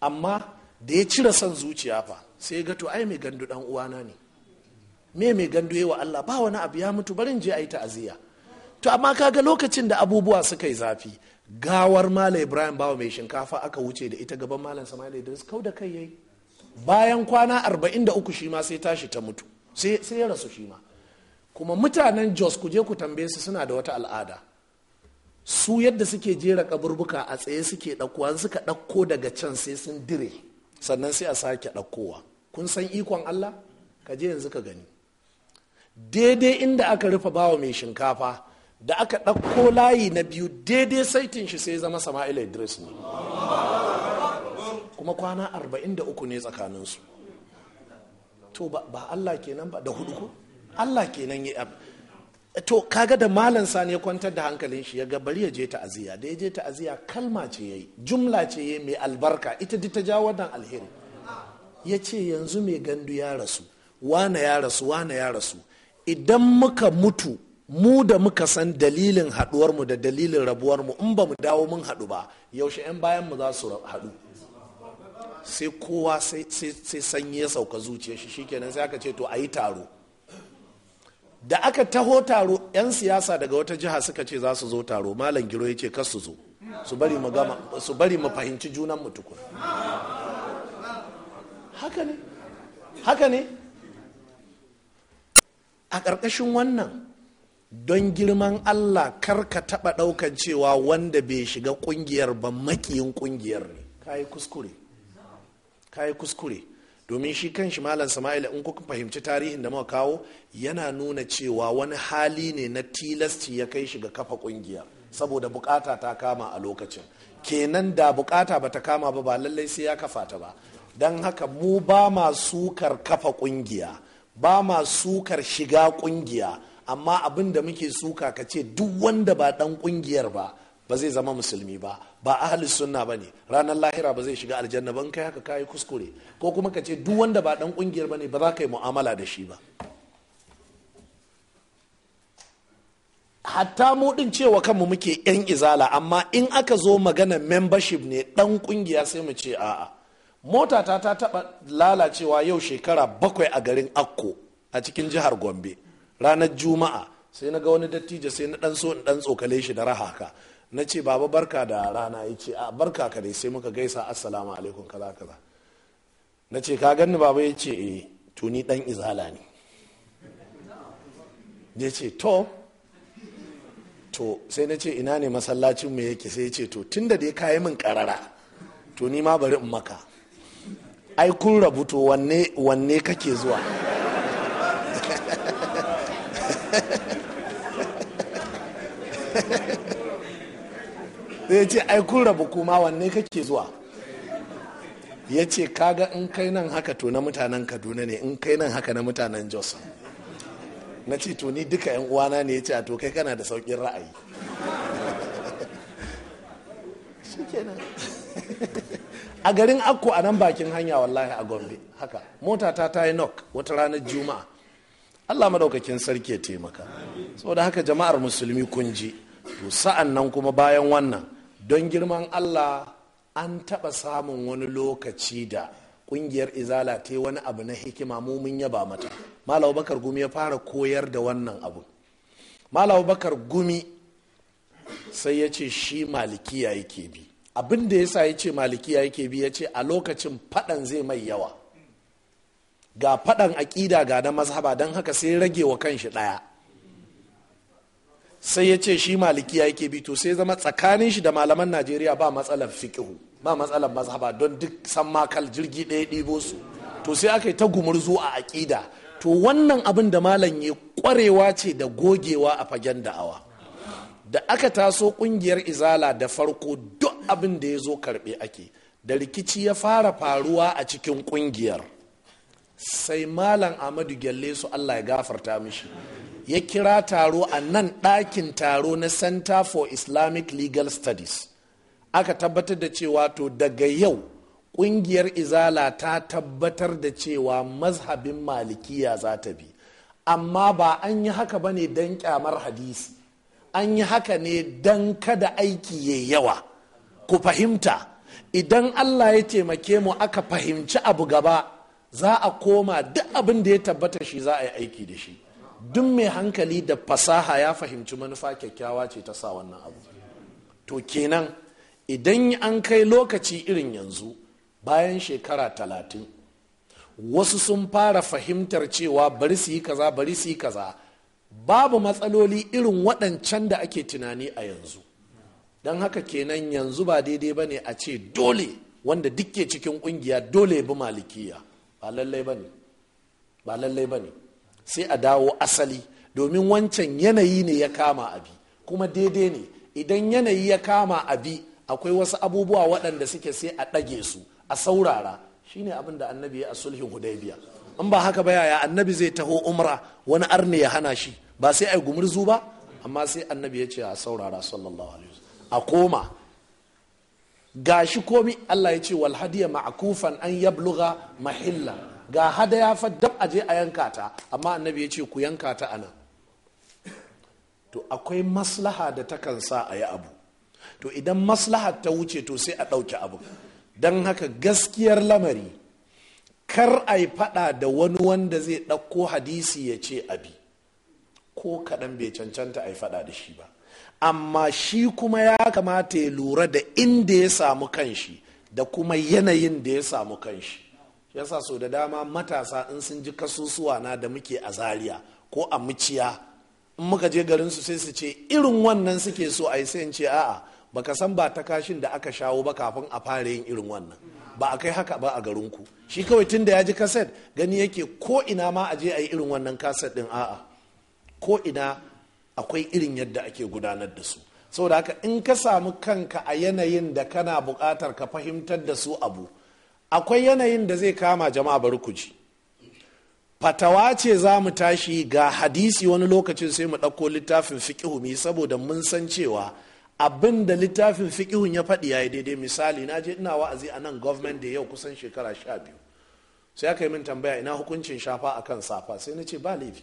A: amma da ya cire son zuciya fa sai ya ga ai mai gandu dan uwana ne me mai gandu wa Allah ba wani abu ya mutu barin je a yi ta'aziyya to amma kaga lokacin da abubuwa suka yi zafi gawar mala ibrahim bawa mai shinkafa aka wuce da ita gaban malam sama'ila idris kau da kai yayi bayan kwana 43 shi ma sai tashi ta mutu sai ya rasu shi ma kuma mutanen jos ku je ku tambaye su suna da wata al'ada su yadda suke jera kaburbuka a tsaye suke ɗaukowa suka ɗauko daga can sai sun dire sannan sai a sake ɗaukowa kun san ikon allah ka je yanzu ka gani daidai inda aka rufe bawa mai shinkafa da aka ɗauko layi na biyu daidai saitin shi sai zama sama'ila idris ne kuma kwana 43 ne tsakaninsu to ba allah kenan ba da hudu ko allah kenan ya to kaga da malam sani ya kwantar da hankalin shi ya ga bari ya je ta aziya da ya je aziya kalma ce yayi jumla ce yayi mai albarka ita duk ta ja wannan alheri ya ce yanzu mai gandu ya rasu wane ya rasu wane ya rasu idan muka mutu mu da muka san dalilin haɗuwarmu da dalilin rabuwar mu, in ba mu dawo mun haɗu ba yaushe 'yan bayanmu za su haɗu sai kowa sai sanyi ya sauka zuciya shi shikenan sai aka ce to a yi taro da aka taho taro 'yan siyasa daga wata jiha suka ce za su zo taro malam giro ya ce kar su zo su bari mu fahimci junan mu tukun haka ne haka ne a ƙarƙashin wannan don girman Allah kar ka taɓa ɗaukan cewa wanda bai shiga ƙungiyar ba makiyin ƙungiyar ne kayi kuskure kayi kuskure domin shi kan shi malam sama'ila in kuka fahimci tarihin da muka kawo yana nuna cewa wani hali ne na tilasti ya kai shiga kafa ƙungiya saboda bukata ta kama a lokacin kenan da bukata ba ta kama ba ba lallai sai ya kafa ta ba don haka mu ba ma sukar kafa ƙungiya ba ma sukar shiga ƙungiya amma abin da muke suka ka ce duk wanda ba dan kungiyar ba ba zai zama musulmi ba ba ahli sunna ba ne ranar lahira ba zai shiga aljanna ban kai haka kayi kuskure ko kuma ka ce duk wanda ba dan kungiyar ba ne ba za ka yi mu'amala da shi ba hatta mu din cewa kanmu muke yan izala amma in aka zo magana membership ne dan kungiya sai mu ce a'a motata ta taba lalacewa yau shekara bakwai a garin akko a cikin jihar gombe ranar juma'a sai na ga wani dattijo sai na dan so in dan tsokale shi da raha ka na ce baba barka da rana ya ce a barka ka dai sai muka gaisa assalamu alaikum kaza kaza na ce ka ganni baba ya ce eh to ni dan izala ne ya ce to to sai na ce ina ne masallacin mu yake sai ya ce to tunda da ya kayi min karara to ni ma bari in maka ai kun rabu to wanne wanne kake zuwa ya ce aikun rabu kuma wanne kake zuwa ya ce kaga in kai nan haka to na mutanen kaduna ne in kai nan haka na mutanen jos na ce to ni duka yan uwana ne ya ce a to kai kana da saukin ra'ayi a garin akko a nan bakin hanya wallahi a gombe haka mota ta ta yi nok wata ranar juma'a Allah madaukakin sarki ya taimaka saboda haka jama'ar musulmi kun ji to sa'an nan kuma bayan wannan don girman Allah an taɓa samun wani lokaci da ƙungiyar izala ta wani abu na hikima mu mun yaba mata malau bakar gumi ya fara koyar da wannan abu malau bakar gumi sai ya ce shi malikiya yake bi abin da yasa ya ce malikiya yake bi ya ce a lokacin faɗan zai mai yawa ga faɗan aƙida ga na mazhaba don haka sai rage wa kanshi ɗaya sai ya ce shi malikiya yake bi sai zama tsakanin shi da malaman najeriya ba matsalar fiƙihu ba matsalar mazhaba don duk san makal jirgi ɗaya ɗibo su to sai aka yi ta gumurzu a aƙida to wannan abin da malam ya ƙwarewa ce da gogewa a fagen da'awa da aka taso ƙungiyar izala da farko duk abin da ya zo karɓe ake da rikici ya fara faruwa a cikin ƙungiyar sai malam amadu gyalle su allah ya gafarta mishi ya kira taro a nan ɗakin taro na center for islamic legal studies aka tabbatar da cewa to daga yau ƙungiyar izala ta tabbatar da cewa mazhabin malikiya za ta bi amma ba an yi haka ba ne don kyamar hadisi an yi haka ne don kada aiki ya yawa ku fahimta idan allah ya taimake mu aka fahimci abu gaba za a koma duk abin da ya tabbata shi za a yi aiki da shi duk mai hankali da fasaha ya fahimci manufa kyakkyawa ce ta sa wannan abu to kenan idan an kai lokaci irin yanzu bayan shekara talatin wasu sun fara fahimtar cewa bari su yi kaza bari su yi kaza babu matsaloli irin waɗancan da ake tunani a yanzu don haka kenan yanzu ba daidai ba ne a ce dole wanda dukke cikin ƙungiya dole ya bi malikiya ba lallai ba ne ba lallai ba ne sai a dawo asali domin wancan yanayi ne ya kama abi kuma daidai ne idan yanayi ya kama abi akwai wasu abubuwa waɗanda suke sai a ɗage su a saurara shine abin da annabi ya a sulhin hudaybiya in ba haka ba yaya annabi zai taho umra wani arne ya hana shi ba sai a yi gumurzu ba amma sai annabi ya ce a saurara sallallahu alaihi wasallam a koma gashi komi Allah ya ce wal hadiya ma'kufan an yabluga mahilla ga ya fa dab aje a yanka ta amma annabi ya ce ku yanka ta anan to akwai maslaha da takan sa a yi abu to idan maslaha ta wuce to sai a ɗauki abu don haka gaskiyar lamari kar a yi faɗa da wani wanda zai ɗauko hadisi ya ce abi ko kaɗan bai cancanta a yi faɗa da shi ba amma shi kuma ya kamata ya lura da inda ya samu kanshi da kuma yanayin da ya samu kanshi yasa so da dama matasa in sun ji kasusuwa na da muke a zaria ko a muciya in muka je garin su sai su ce irin wannan suke so a yi sai ce a'a baka san ba ta kashin da aka shawo ba kafin a fara yin irin wannan ba a kai haka ba a garinku shi kawai tun da ya ji kaset gani yake ko ina ma a je a yi irin wannan kaset din a'a ko ina akwai irin yadda ake gudanar da su saboda haka in ka samu kanka a yanayin da kana buƙatar ka fahimtar da su abu akwai yanayin da zai kama jama'a bari ku ji fatawa ce za mu tashi ga hadisi wani lokacin sai mu ɗauko littafin fiƙihu mu saboda mun san cewa abin da littafin fiƙihu ya faɗi ya yi daidai misali na je ina wa'azi a nan gwamnati da yau kusan shekara sha biyu sai aka yi min tambaya ina hukuncin shafa akan safa sai na ce ba laifi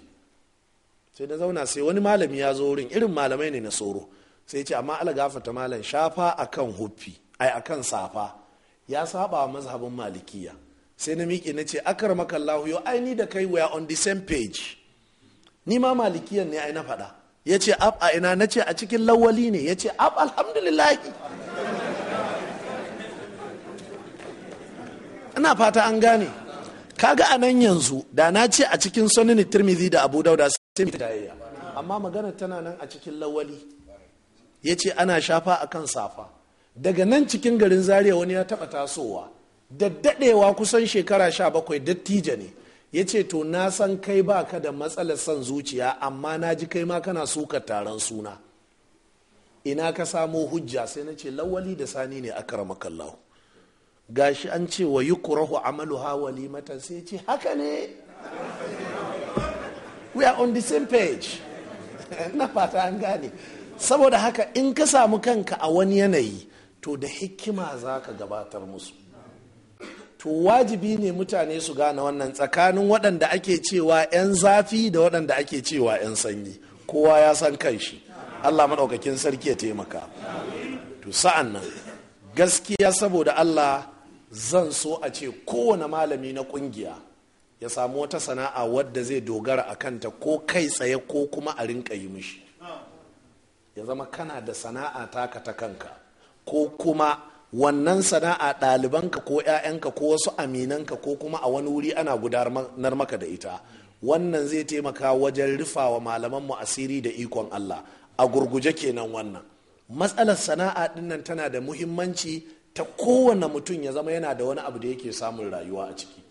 A: sai na zauna sai wani malami ya zo wurin irin malamai ne na tsoro sai ce amma ala malam shafa akan huffi ai akan safa ya saba mazhabin malikiya sai na miƙe na ce akar makallahu yau ai ni da kai we on the same page ni ma malikiyan ne ai na faɗa ya ce ab a ina na ce a cikin lawali ne ya ce ab alhamdulillahi ina fata an gane kaga a nan yanzu da na ce a cikin sunan tirmidhi da abu dauda sai mu amma magana tana nan a cikin lawali ya ce ana shafa a kan safa daga nan cikin garin zaria wani ya taɓa tasowa da dadewa kusan shekara sha bakwai dattija ne ya ce to na san kai ba ka da matsalar son zuciya amma na ji kai ma kana suka taron suna ina ka samo hujja sai na ce lawali da sani ne a karamakallahu gashi an ce wa yi kurahu amalu hawali mata sai ce haka ne we are on the same page <laughs> na fata an gane saboda haka in ka samu kanka a wani yanayi to da hikima za ka gabatar musu to wajibi ne mutane su gane wannan tsakanin waɗanda ake cewa 'yan zafi da waɗanda ake cewa 'yan sanyi kowa ya san kan shi allah maɗaukakin sarki ya taimaka to sa'an nan gaskiya saboda allah zan so a ce kowane malami na ƙungiya ya samu wata sana'a wadda zai dogara a kanta ko kai tsaye ko kuma a rinka yi mishi ya zama kana da sana'a taka ta kanka ko kuma wannan sana'a ɗalibanka ko 'ya'yanka ko wasu aminanka ko kuma a wani wuri ana gudanar maka da ita wannan zai taimaka wajen wa malaman mu asiri da ikon Allah a gurguje kenan wannan matsalar sana'a dinnan tana da muhimmanci ta kowane mutum ya zama yana da wani abu da yake samun rayuwa a ciki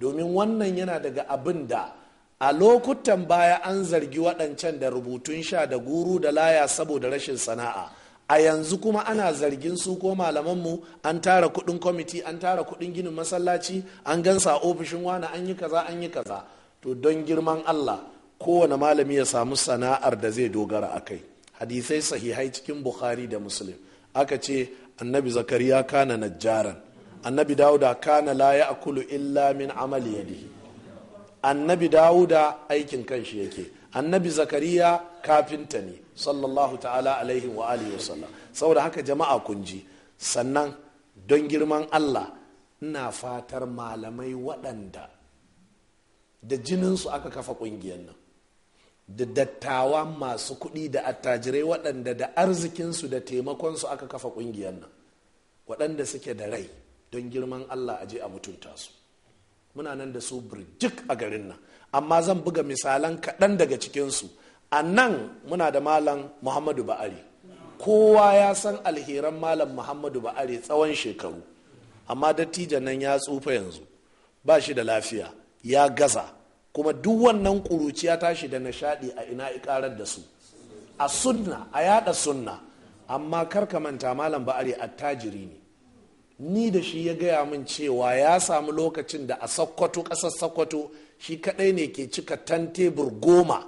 A: domin wannan yana daga abin da a lokutan baya an zargi waɗancan da rubutun sha da guru da laya saboda rashin sana'a a yanzu kuma ana zargin su ko malamanmu an tara kuɗin kwamiti an tara kuɗin ginin masallaci an gansa ofishin wani an yi kaza an yi kaza to don girman allah kowane malami ya samu sana'ar da zai dogara a kai hadisai sahihai cikin bukhari da muslim aka ce annabi zakariya kana najjaran annabi dawuda kana la ya akulu illa min amali yadihi annabi dawuda aikin kan shi yake annabi zakariya kafinta ne sallallahu ta'ala alaihi wa alihi wasallam saboda haka jama'a kun ji sannan don girman allah ina fatar malamai waɗanda da jininsu aka kafa ƙungiyar nan da dattawa masu kuɗi da attajirai waɗanda da arzikinsu da taimakonsu aka kafa ƙungiyar nan waɗanda suke da rai don girman allah a je a mutunta su muna nan da su birjik a garin nan amma zan buga misalan kaɗan daga cikinsu a nan muna da malam muhammadu ba'ari kowa ya san alheran malam muhammadu ba'ari tsawon shekaru amma dattijo nan ya tsufa yanzu ba shi da lafiya ya gaza kuma duk wannan ƙuruciya tashi da nishaɗi a ina ikarar da su a sunna a yada sunna amma kar ka manta malam ba'ari attajiri ne ni da shi ya gaya min cewa ya samu lokacin da a sakkwato ƙasar sakkwato shi kaɗai ne ke cika tan tebur goma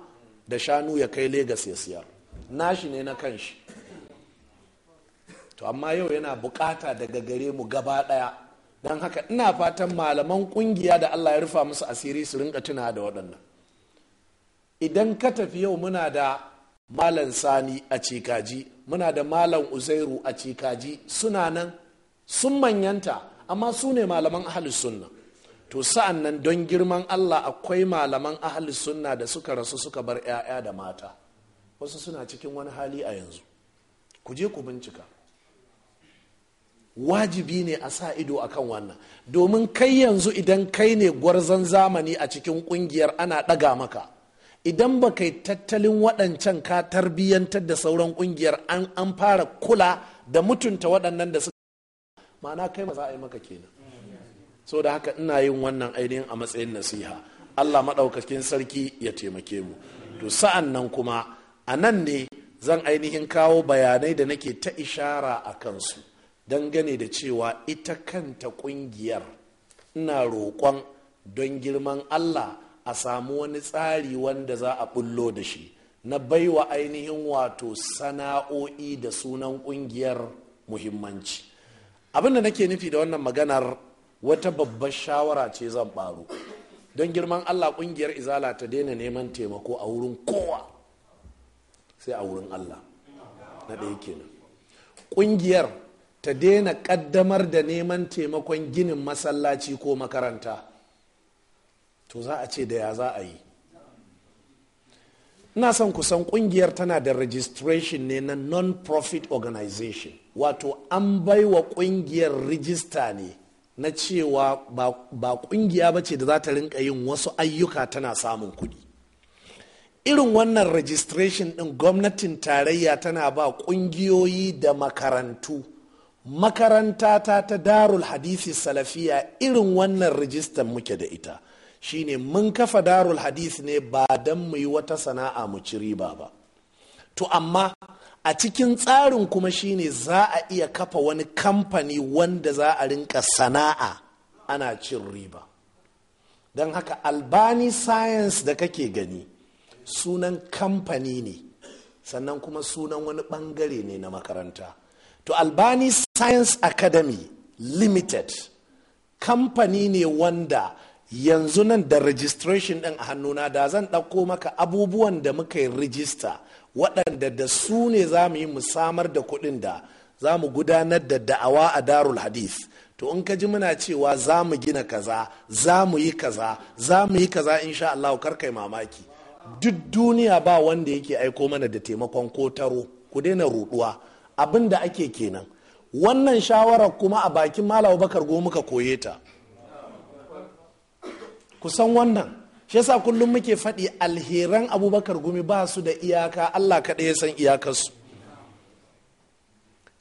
A: da shanu ya kai legas ya siyar nashi ne na kan shi to amma yau yana buƙata daga gare mu gaba ɗaya don haka ina fatan malaman ƙungiya da allah ya rufa musu asiri su rinka tuna da waɗannan idan ka tafi yau muna da malam sani a cikaji muna da malam uzairu a cikaji suna nan sun manyanta amma su ne malaman ahalus sunna to sa'an nan don girman allah akwai malaman ahalus sunna da suka rasu suka bar 'ya'ya da mata wasu suna cikin wani hali a yanzu ku je ku bincika wajibi ne a sa ido a kan wannan domin kai yanzu idan kai ne gwarzon zamani a cikin kungiyar ana ɗaga maka idan ba kai tattalin waɗancan ka tarbiyyantar da sauran kungiyar an fara kula da mutunta waɗannan da suka ma'ana kai ma za a yi maka kenan so da haka ina yin wannan ainihin a matsayin nasiha allah maɗaukakin sarki ya taimake mu to sa'an nan kuma a nan ne zan ainihin kawo bayanai da nake ta ishara a kansu dangane da cewa ita kanta ƙungiyar ina roƙon don girman allah a samu wani tsari wanda za a bullo da shi na baiwa ainihin wato sana'o'i da sunan ƙungiyar muhimmanci abinda nake nufi da wannan maganar wata babbar shawara ce zan baro don girman allah kungiyar izala ta daina neman taimako a wurin kowa sai a wurin allah na ɗaya kenan kungiyar ta daina kaddamar da neman taimakon ginin masallaci ko makaranta to za a ce da ya za a yi ina son kusan kungiyar tana da registration ne na non-profit organization wato an bai wa kungiyar rijista ne na cewa ba kungiya ba ce da za ta rinka yin wasu ayyuka tana samun kuɗi irin wannan registration ɗin gwamnatin tarayya tana ba ƙungiyoyi da makarantu makaranta ta ta darul hadisi salafiya irin wannan rijistar muke da ita shine mun kafa darul hadith ne ba don mu yi wata sana'a mu ci riba ba to amma a cikin tsarin kuma shine za a iya kafa wani kamfani wanda za a rinka sana'a ana cin riba don haka albani science da kake gani sunan kamfani ne sannan kuma sunan wani bangare ne na makaranta to albani science academy limited kamfani ne wanda yanzu nan da registration ɗin a hannuna da zan ɗauko maka abubuwan da muka yi rijista waɗanda da su ne za mu yi mu samar da kuɗin da za mu gudanar da da'awa a darul hadith to in ka ji muna cewa za mu gina kaza za mu yi kaza za mu yi kaza insha Allah kar kai mamaki duk duniya ba wanda yake aiko mana da taimakon ko taro ku daina ruɗuwa abin da ake kenan wannan shawarar kuma a bakin malam bakar go muka koye ta ku san wannan shi yasa kullum muke faɗi alheran abubakar gumi ba su da iyaka allah kaɗai ya san iyakarsu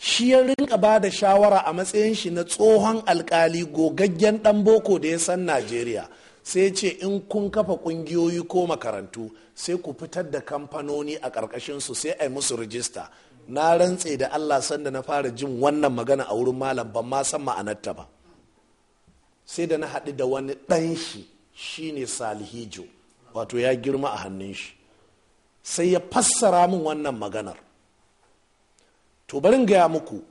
A: shi ya rinka ba da shawara a matsayin shi na tsohon alkali gogaggen ɗan boko da ya san najeriya sai ce in kun kafa ƙungiyoyi ko makarantu sai ku fitar da kamfanoni a ƙarƙashin su sai a yi musu rijista na rantse da allah sanda na fara jin wannan magana a wurin malam ban ma san ma'anarta ba sai da na haɗu da wani ɗan shi Shi ne salihijo wato ya girma a hannun shi sai ya fassara min wannan maganar to barin gaya muku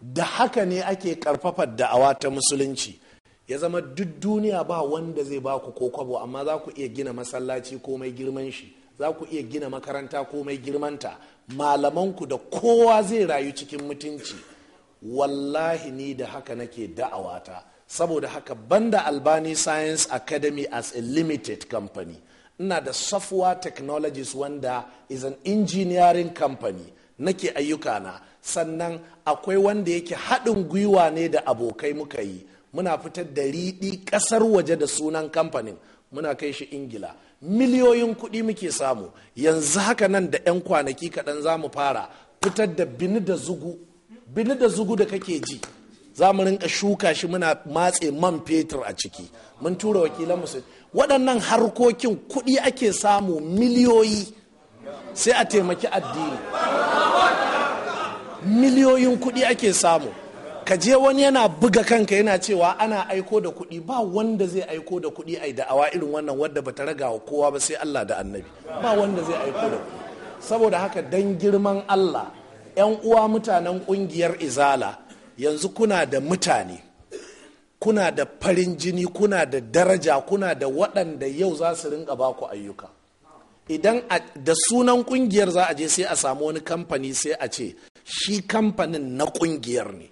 A: da haka ne ake karfafa da'awa ta musulunci ya zama duk duniya ba wanda zai ba ku ko kwabo amma za ku iya gina masallaci ko mai girman shi za ku iya gina makaranta ko komai girmanta malamanku da kowa zai rayu cikin mutunci wallahi ni da haka nake da'awata saboda haka banda albani science academy as a limited company ina da software technologies wanda is an engineering company nake na sannan akwai wanda yake haɗin gwiwa ne da abokai muka yi muna fitar da riɗi ƙasar waje da sunan kamfanin muna kai shi ingila miliyoyin kuɗi muke samu yanzu haka nan da 'yan kwanaki kaɗan za mu fara fitar da bini da zugu bini da zugu da kake ji za mu rinka shuka shi muna matse man fetur a ciki mun tura wakilan musu waɗannan harkokin kuɗi ake samu miliyoyi sai a taimaki addini miliyoyin kuɗi ake samu ka je wani yana buga kanka yana cewa ana aiko da kuɗi ba wanda zai aiko da kuɗi a da'awa irin wannan wadda bata raga wa kowa ba sai Allah da annabi ba wanda zai aiko da kuɗi saboda haka dan girman Allah 'yan uwa mutanen ƙungiyar izala yanzu kuna da mutane kuna da farin jini kuna da daraja kuna da waɗanda yau za su rinka baku ayyuka idan da sunan kungiyar za a je sai a samu wani kamfani sai a ce shi kamfanin na kungiyar ne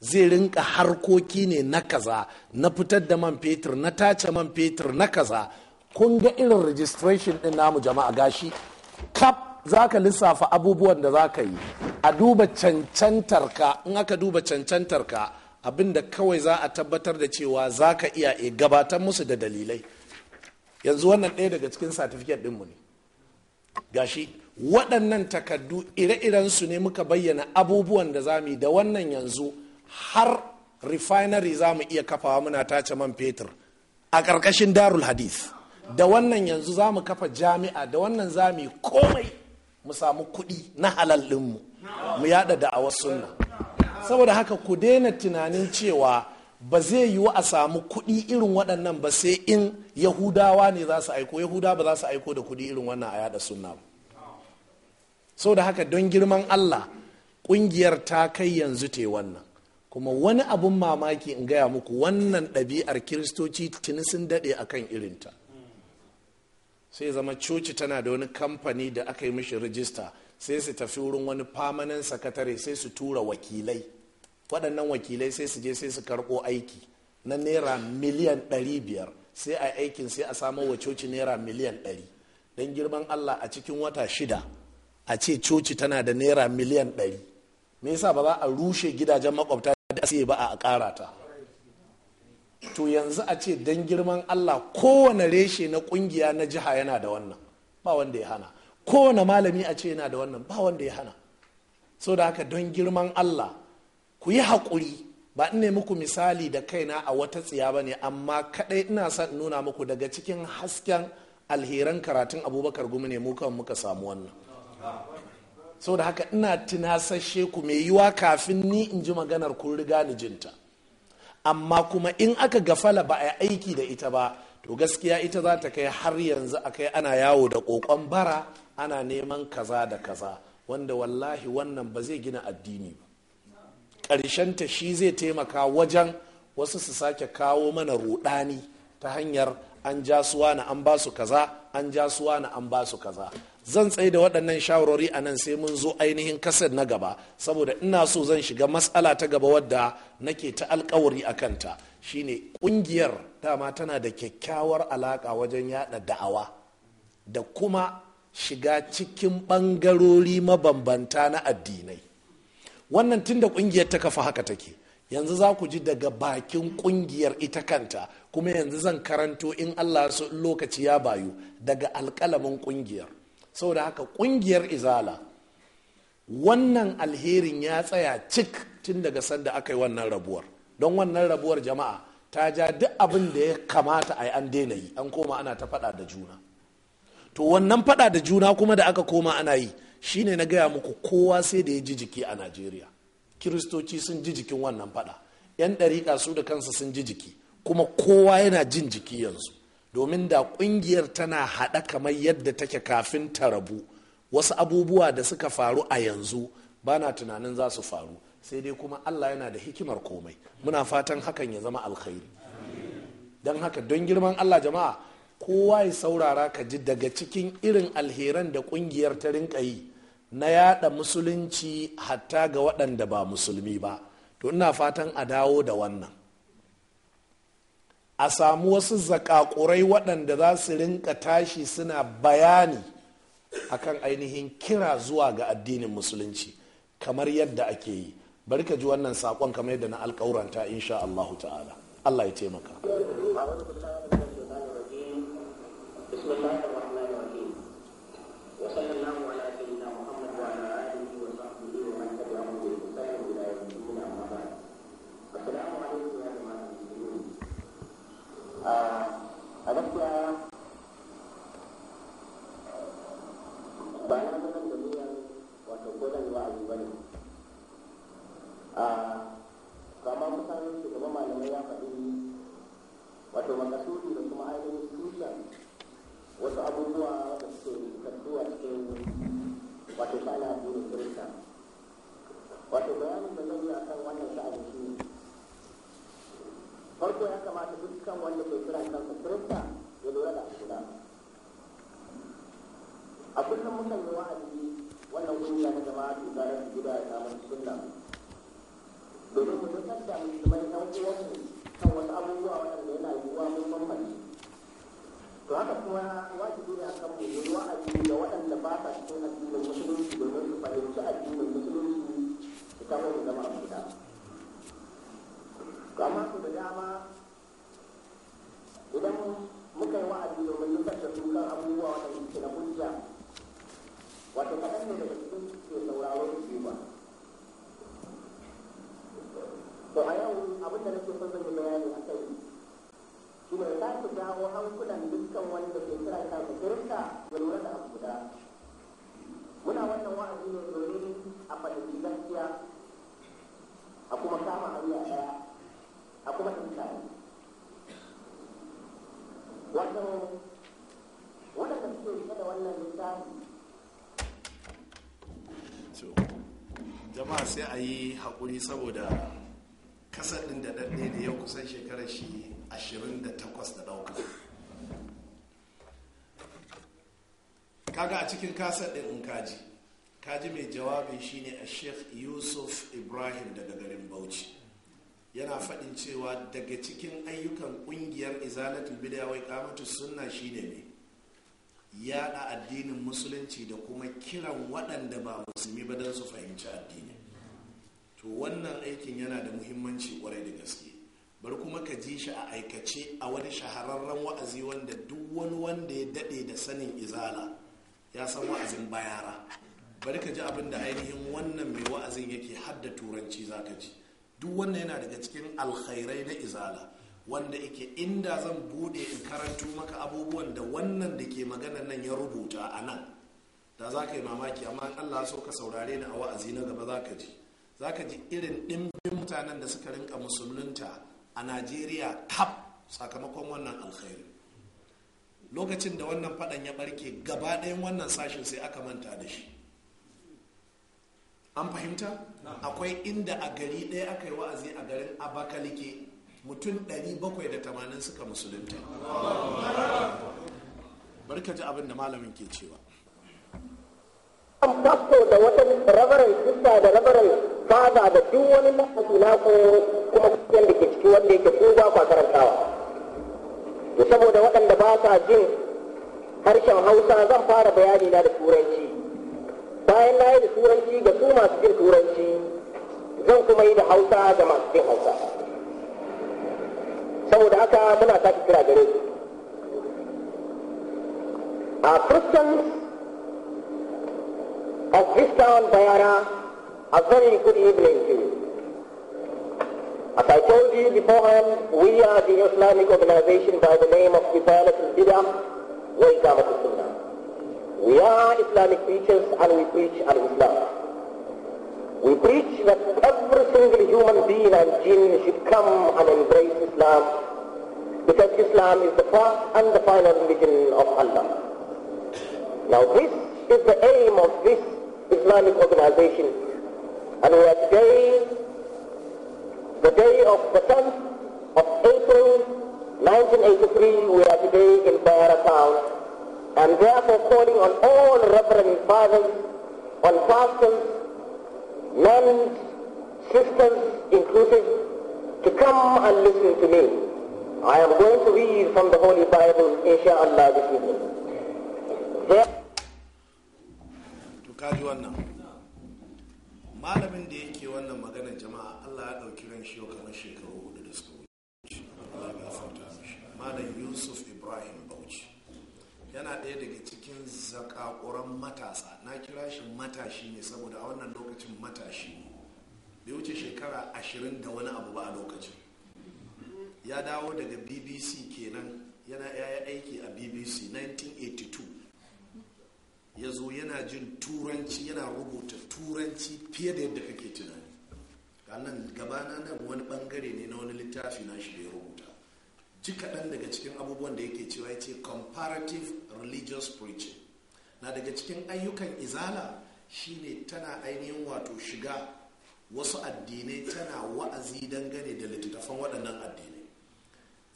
A: zai rinka harkoki ne na kaza na fitar da man fetur na tace man fetur na kaza kun ga irin registration din namu jama'a gashi kap za ka lissafa abubuwan da za ka yi a duba cancantar ka in aka duba cancantar cancantarka abinda kawai za a tabbatar da cewa za ka iya e gabatar musu da dalilai yanzu wannan ɗaya daga cikin satifiket mu ne gashi waɗannan takardu ire iren su ne muka bayyana abubuwan da za mu yi da wannan yanzu har refinery za mu iya kafawa muna tace man fetur a ƙarƙashin darul hadith da wannan yanzu za mu kafa jami'a da wannan za mu yi komai mu samu kuɗi na halal ɗinmu mu yada awar sunna saboda haka ku daina tunanin cewa ba zai yiwu a samu kuɗi irin waɗannan ba sai in yahudawa ne za su aiko yahuda ba za su aiko da kuɗi irin wannan a yada sunna ba so da haka don girman allah ƙungiyar ta kai yanzu te wannan kuma wani abun mamaki in gaya muku wannan ɗabi'ar kiristoci tuni sun daɗe a kan irinta sai zama coci tana da wani kamfani da aka yi mishi rijista sai su tafi wurin wani famanin sakatare sai su tura wakilai waɗannan wakilai sai su je sai su karɓo aiki na naira miliyan 500 sai a aikin sai a samo wa coci naira miliyan 100 don girman allah a cikin wata shida a ce coci tana da naira miliyan 100 me yasa ba za a rushe gidajen makwabta da ba a ƙara ta to yanzu a ce don girman allah kowane reshe na kungiya na jiha yana da wannan ba wanda ya hana kowane malami a ce yana da wannan ba wanda ya hana so da haka don girman allah ku yi haƙuri ba in muku misali da kaina a wata tsiya ba ne amma kaɗai ina son nuna muku daga cikin hasken alheran karatun abubakar gumi ne muka muka samu wannan so da haka ina tunasashe ku mai yiwa kafin ni in ji maganar kun riga ni jinta amma kuma in aka gafala ba a yi aiki da ita ba to gaskiya ita za ta kai har yanzu a kai ana yawo da kokon bara ana neman kaza da kaza wanda wallahi wannan ba zai gina addini ba ta shi zai taimaka wajen wasu su sake kawo mana rudani ta hanyar an ja suwa na an ba su kaza an ja suwa na an ba su kaza zan tsaye da waɗannan shawarwari a nan sai mun zo ainihin kasar na gaba saboda ina so zan shiga matsala ta gaba wadda nake ta alkawari a kanta shine ƙungiyar dama tana da kyakkyawar alaƙa wajen yada da'awa da kuma shiga cikin ɓangarori mabambanta na addinai wannan tun da ƙungiyar ta kafa haka take yanzu za ku ji daga bakin ƙungiyar ita kanta kuma yanzu zan karanto in allah so lokaci ya bayu daga alƙalamin ƙungiyar saboda haka kungiyar izala wannan alherin ya tsaya cik tun daga sanda aka yi wannan rabuwar don wannan rabuwar jama'a ta ja duk abin da ya kamata a yi an daina yi an koma ana ta fada da juna to wannan fada da juna kuma da aka koma ana yi shine na gaya muku kowa sai da ya ji jiki a najeriya kiristoci sun ji jikin wannan fada 'yan ɗariƙa su da kansa sun ji jiki kuma kowa yana jin jiki yanzu domin da kungiyar tana haɗa kamar yadda take kafin ta rabu wasu abubuwa da suka faru a yanzu ba na tunanin za su faru sai dai kuma allah yana da hikimar komai muna fatan hakan ya zama alkhairi don haka don girman allah jama'a kowa ya saurara ka ji daga cikin irin alheran da kungiyar ta rinka yi na yada musulunci hatta ga waɗanda ba musulmi ba to ina fatan a dawo da wannan a samu wasu zakakurai waɗanda za su rinka tashi suna bayani akan ainihin kira zuwa ga addinin musulunci kamar yadda ake yi bari ka ji wannan saƙon kamar yadda na alƙauranta insha Allah ta'ala Allah ya taimaka hakuri saboda kasadin da daɗe ne yau kusan shekarar shi 28 da ɗauka kaga a cikin kasadin in kaji kaji mai jawabi shine a sheikh yusuf ibrahim daga garin bauchi yana faɗin cewa daga cikin ayyukan ƙungiyar izalatul bid'a wai kamatu sunna shine ne yaɗa addinin musulunci da kuma kiran waɗanda ba musulmi ba don su fahimci addinin to wannan aikin yana da muhimmanci kwarai da gaske bari kuma ka ji shi a aikace a wani shahararren wa'azi wanda duk wani wanda ya daɗe da sanin izala ya san wa'azin bayara bari ka ji abin da ainihin wannan mai wa'azin yake hadda turanci za ka ji duk wannan yana daga cikin alkhairai na izala wanda yake inda zan buɗe in karanto maka abubuwan da wannan da ke magana nan ya rubuta a nan da za ka yi mamaki amma allah so ka saurare ni a wa'azi na gaba za ka ji za ka ji irin ɗimbin mutanen da suka rinka musulunta a najeriya tab sakamakon wannan alkhairi lokacin da wannan faɗan ya barke, gaba ɗayan wannan sashin sai aka manta da shi an fahimta akwai inda a gari ɗaya aka yi wa'azi a garin abakalike mutum 780 suka musulunta barka ji abin da malamin ke cewa
B: an da wata rabarai da rabarai faza da duk wani lafazi na ko kuma kuɗin da ke ciki wanda yake kowa ba kwa karantawa to saboda waɗanda ba sa jin harshen hausa zan fara bayani na da turanci bayan na yi da turanci ga su masu jin turanci zan kuma yi da hausa ga masu jin hausa saboda haka muna sake kira gare su a christians of this bayara A very good evening to you. As I told you beforehand, we are the Islamic organization by the name of Ibadat al-Bidah wa Iqamat al-Sunnah. We are Islamic preachers and we preach we love. We preach that every single human being and jinn should come and embrace Islam because Islam is the first and the final religion of Allah. Now this is the aim of this Islamic organization and we are today, the day of the 10th of April 1983, we are today in Bayara town. And therefore calling on all reverend fathers, on pastors, men, sisters inclusive, to come and listen to me. I am going to read from the Holy Bible, inshallah, this evening. There...
A: malamin da yake wannan magana jama'a allah ya ɗauki ran shi kamar shekaru hudu da suka wuce malam yusuf ibrahim bauchi yana ɗaya daga cikin zakakuran matasa na kira shi matashi ne saboda a wannan lokacin matashi ne bai wuce shekara ashirin da wani abu ba a lokacin ya dawo daga bbc kenan yana yaya aiki a bbc 1982 ya zo yana jin turanci yana rubuta turanci fiye da yadda kake tunani nan na nan wani bangare ne na wani littafi na shi ya rubuta ji kaɗan daga cikin abubuwan da yake cewa ya ce comparative religious preaching na daga cikin ayyukan izala shine tana ainihin wato shiga wasu addinai tana wa'azi dangane da littattafan waɗannan addinai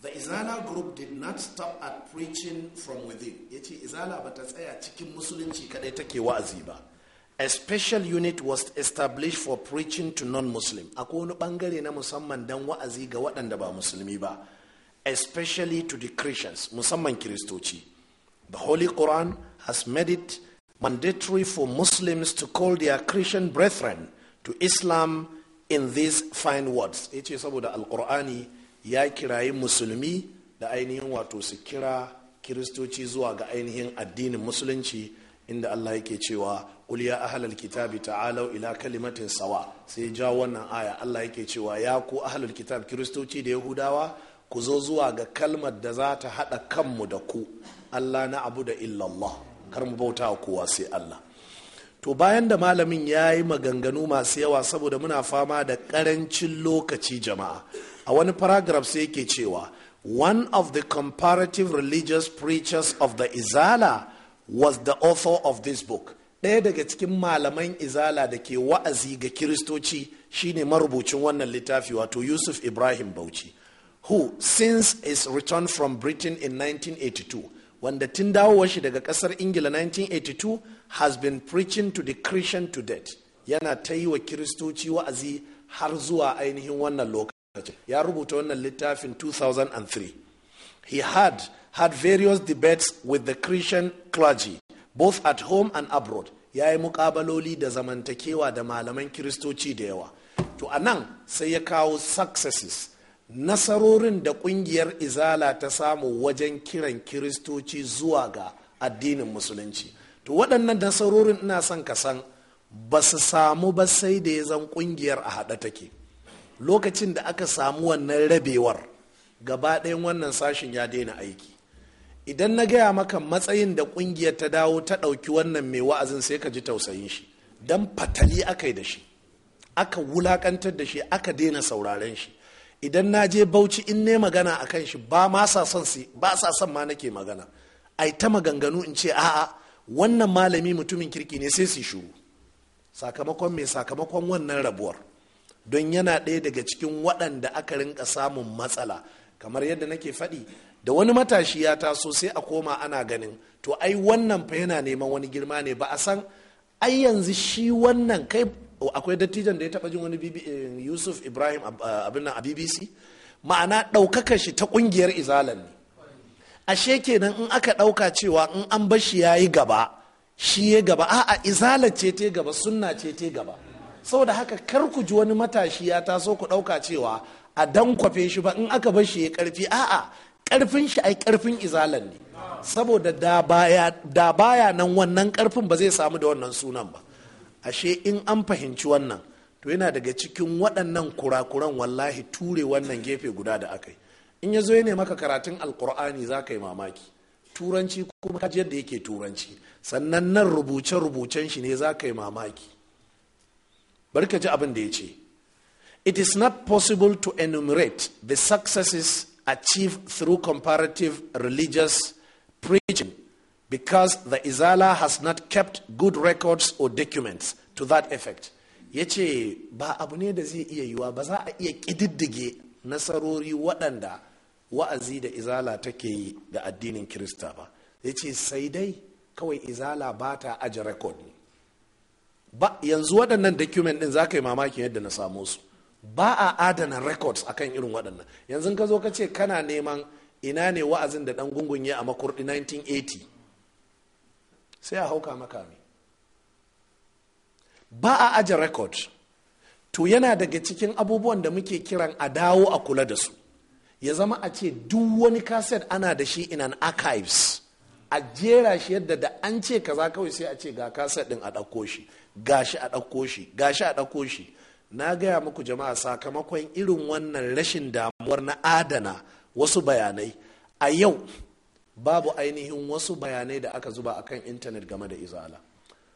A: The Izala group did not stop at preaching from within. Ya ce, Izala ba ta tsaya cikin musulunci kadai take wa'azi ba. A special unit was established for preaching to non-Muslim. Akwai wani bangare na musamman don wa'azi ga waɗanda ba musulmi ba. Especially to the Christians, musamman Kiristoci. The Holy Quran has made it mandatory for Muslims to call their Christian brethren to Islam in these fine words. Ya ce saboda Alƙur'ani ya kirayi musulmi da ainihin wato su kira kiristoci zuwa ga ainihin addinin musulunci inda Allah yake cewa kul ya ahlal kitabi ta'alau ila kalimatin sawa sai ja wannan aya Allah yake cewa ya ku ahlul kitab kiristoci da yahudawa ku zo zuwa ga kalmar da za ta haɗa kanmu da ku Allah na abu da illallah kar mu bauta kowa sai Allah to bayan da malamin ya yi maganganu masu yawa saboda muna fama da ƙarancin lokaci jama'a a wani paragraph sai yake cewa one of the comparative religious preachers of the izala was the author of this book ɗaya daga cikin malaman izala da ke wa'azi ga kiristoci shine marubucin wannan littafi wato yusuf ibrahim bauchi who since his return from britain in 1982 wanda tun dawowar shi daga kasar ingila 1982 has been preaching to the christian to death yana ta yi wa kiristoci wa'azi har zuwa ainihin wannan lokaci ya rubuta wannan littafin 2003 he had had various debates with the christian clergy both at home and abroad ya yi mukabaloli da zamantakewa da malaman kiristoci da yawa to a nan sai ya kawo successes nasarorin da kungiyar izala ta samu wajen kiran kiristoci zuwa ga addinin musulunci to waɗannan nasarorin ina son ka san ba su samu ba sai da ya zan kungiyar a haɗa take lokacin da aka samu wannan rabewar gaba ɗayan wannan sashen ya daina aiki idan na gaya maka matsayin da ƙungiyar ta dawo ta ɗauki wannan mai wa'azin sai ka ji tausayin shi don fatali aka yi da shi aka wulaƙantar da shi aka daina sauraren shi idan na je bauchi in ne magana a kan shi ba ma sa son si ba sa son ma nake magana ai ta maganganu in ce a'a wannan malami mutumin kirki ne sai su shuru sakamakon mai sakamakon wannan rabuwar don yana ɗaya daga cikin waɗanda aka rinka samun matsala kamar yadda nake faɗi da wani matashi ya taso sai a koma ana ganin to ai wannan fa yana neman wani girma ne ba a san ai yanzu shi wannan kai akwai dattijan da ya taɓa jin wani eh, yusuf ibrahim eh, abinnan a bbc ma'ana ɗaukaka shi ta ƙungiyar izalan ne ashe kenan in aka ɗauka cewa in an bashi ya yi gaba shi ya gaba a'a izalar ce te gaba sunna ce te gaba saboda haka kar ku ji wani matashi ya taso ku ɗauka cewa a dan kwafe shi ba in aka bar shi ya karfi a'a karfin shi ai karfin izalan ne saboda da baya nan wannan karfin ba zai samu da wannan sunan ba ashe in an fahimci wannan to yana daga cikin waɗannan kurakuran wallahi ture wannan gefe guda da aka yi in ya zo ya maka karatun alkur'ani za ka yi mamaki turanci kuma kaji yadda yake turanci sannan nan rubuce-rubucen shi ne za ka yi mamaki bari ji abin da ya ce it is not possible to enumerate the successes achieved through comparative religious preaching because the izala has not kept good records or documents to that effect ya ce ba abu ne da zai iya yiwa ba za a iya ƙididdige nasarori waɗanda wa'azi da izala take yi ga addinin kirista ba ya ce sai dai kawai izala ba ta aji rekod ne ba yanzu waɗannan document ɗin za ka yi mamakin yadda na samo su ba a adana records a kan irin waɗannan yanzu ka zo ka ce kana neman ina ne wa'azin da ɗan gungun ya a makurɗi 1980 sai a hauka makami ba a aje record to yana daga cikin abubuwan da muke kiran a dawo a kula da su ya zama a ce duk wani kaset ana da shi in an archives a jera shi yadda da an ce kaza kawai sai a ce ga kaset ɗin a ɗauko shi gashi a ɗauko shi gashi a ɗauko shi na gaya muku jama'a sakamakon irin wannan rashin damuwar na adana wasu bayanai a yau babu ainihin wasu bayanai da aka zuba akan intanet game da izala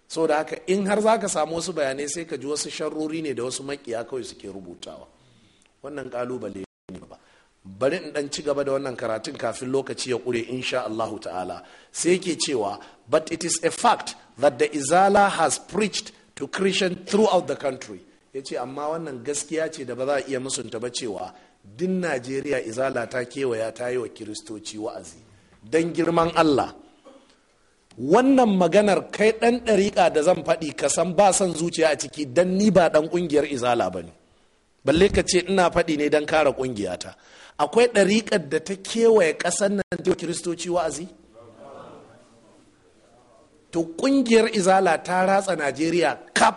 A: so da haka in har za ka samu wasu bayanai sai ka ji wasu sharrori ne da wasu makiya kawai suke rubutawa wannan kalubale ne ba bari in dan ci gaba da wannan karatun kafin lokaci ya kure insha Allahu ta'ala sai ke cewa but it is a fact that the Izala has preached to Christian throughout the country. Ya ce, amma wannan gaskiya ce da ba za a iya musunta ba cewa din Najeriya Izala ta kewaya ta yi wa Kiristoci wa'azi. Don girman Allah, wannan maganar kai ɗan ɗariƙa da zan faɗi ka san ba son zuciya a ciki don ni ba dan ƙungiyar Izala ba ne. Balle ka ce ina faɗi ne don kare ƙungiyata. Akwai ɗariƙar da ta kewaye ƙasar nan ta Kiristoci wa'azi? to kungiyar izala ta ratsa najeriya kap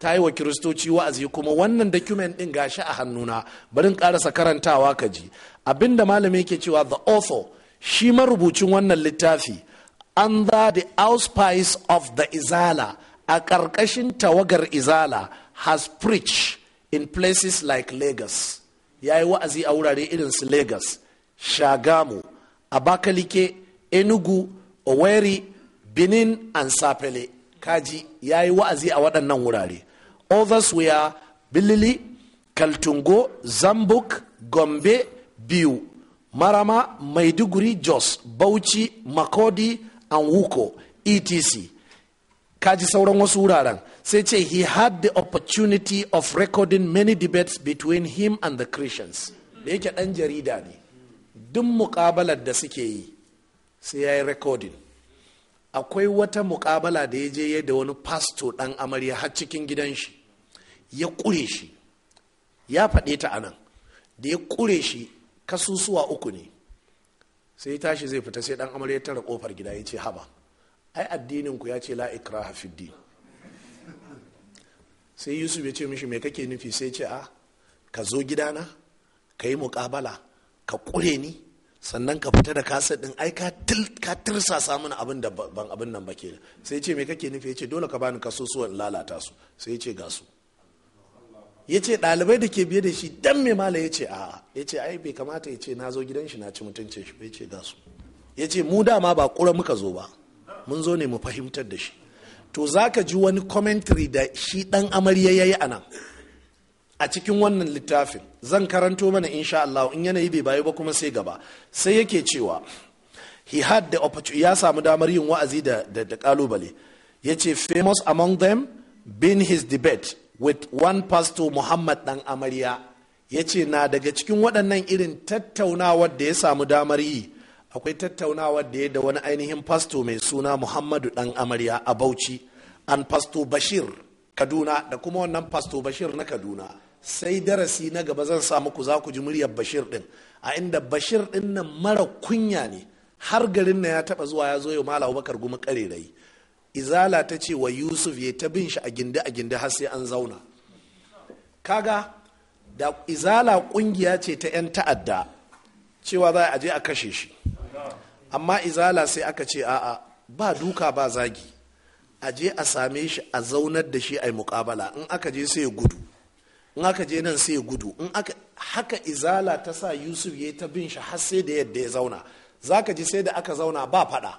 A: ta yi wa kiristoci wa'azi kuma wannan document din gashi a hannuna bari in karasa karantawa ka ji abinda malami yake cewa the author shi marubucin wannan littafi under the auspice of the izala a ƙarƙashin tawagar izala has preached in places like lagos ya yi wa'azi a wurare irin su lagos shagamu abakalike enugu oweri benin and sapele kaji ya yi wa'azi a waɗannan wurare others were bilili kaltungo zambuk gombe biyu marama maiduguri jos bauchi makodi and wuko etc kaji sauran wasu wuraren sai ce he had the opportunity of recording many debates between him and the christians da yake ɗan jarida ne duk mukabalar da suke yi sai ya yi recording akwai wata mukabala da ya je ya da wani fasto ɗan amarya har cikin gidan shi ya ƙure shi ya faɗe ta a nan da ya ƙure shi kasusuwa uku ne sai tashi zai fita sai ɗan amarya tara ƙofar gida ya ce haba ai addinin ku ya ce la ikraha fiddi sai yusuf ya ce mishi mai kake nufi sai ce a ah, ka zo gidana ka yi mukabala ka ƙure ni sannan ka fita da kaset din ai ka tirsa samun abin da ban abin nan ba ke sai ce me kake nufi ya ce dole ka bani kasusuwan lalata su sai ya ce ga su ya ce ɗalibai da ke biye da shi dan mai mala ya ce a'a ya ce ai bai kamata ya ce na zo gidan shi na ci mutuncin shi ya ce ga su ya ce mu dama ba kura muka zo ba mun zo ne mu fahimtar da shi to za ka ji wani commentary da shi ɗan amarya ya yi a nan a cikin wannan littafin zan karanto mana insha Allah in yanayi bai bayu ba kuma sai gaba sai yake cewa he had the opportunity ya samu damar yin wa'azi da da kalubale yace famous among them been his debate with one pastor Muhammad dan Amarya yace na daga cikin waɗannan irin tattaunawar da ya samu damar yi akwai tattaunawar da ya da wani ainihin pastor mai suna Muhammadu dan Amarya a Bauchi an pastor Bashir Kaduna da kuma wannan pastor Bashir na Kaduna sai darasi na gaba zan sa muku za ku ji muryar bashir din a inda bashir din nan mara kunya ne har garin na ya taba zuwa ya zo yau mala abubakar gumi karerai izala ta ce wa yusuf ya ta bin shi a gindi a gindi har sai an zauna kaga da izala kungiya ce ta 'yan ta'adda cewa za a je a kashe shi amma izala sai aka ce a'a ba duka ba zagi a je a same shi a zaunar da shi a yi mukabala in aka je sai ya gudu in aka je nan sai ya gudu in aka haka izala ta sa yusuf ya ta bin shi har sai da yadda ya zauna za ka ji sai da aka zauna ba faɗa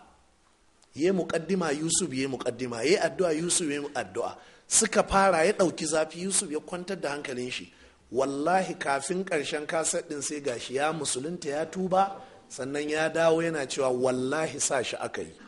A: ya muƙaddima yusuf ya muƙaddima ya addu'a yusuf ya addu'a suka fara ya ɗauki zafi yusuf ya kwantar da hankalin shi wallahi kafin ƙarshen kaset ɗin sai gashi ya musulunta ya tuba sannan ya dawo yana cewa wallahi sa shi aka yi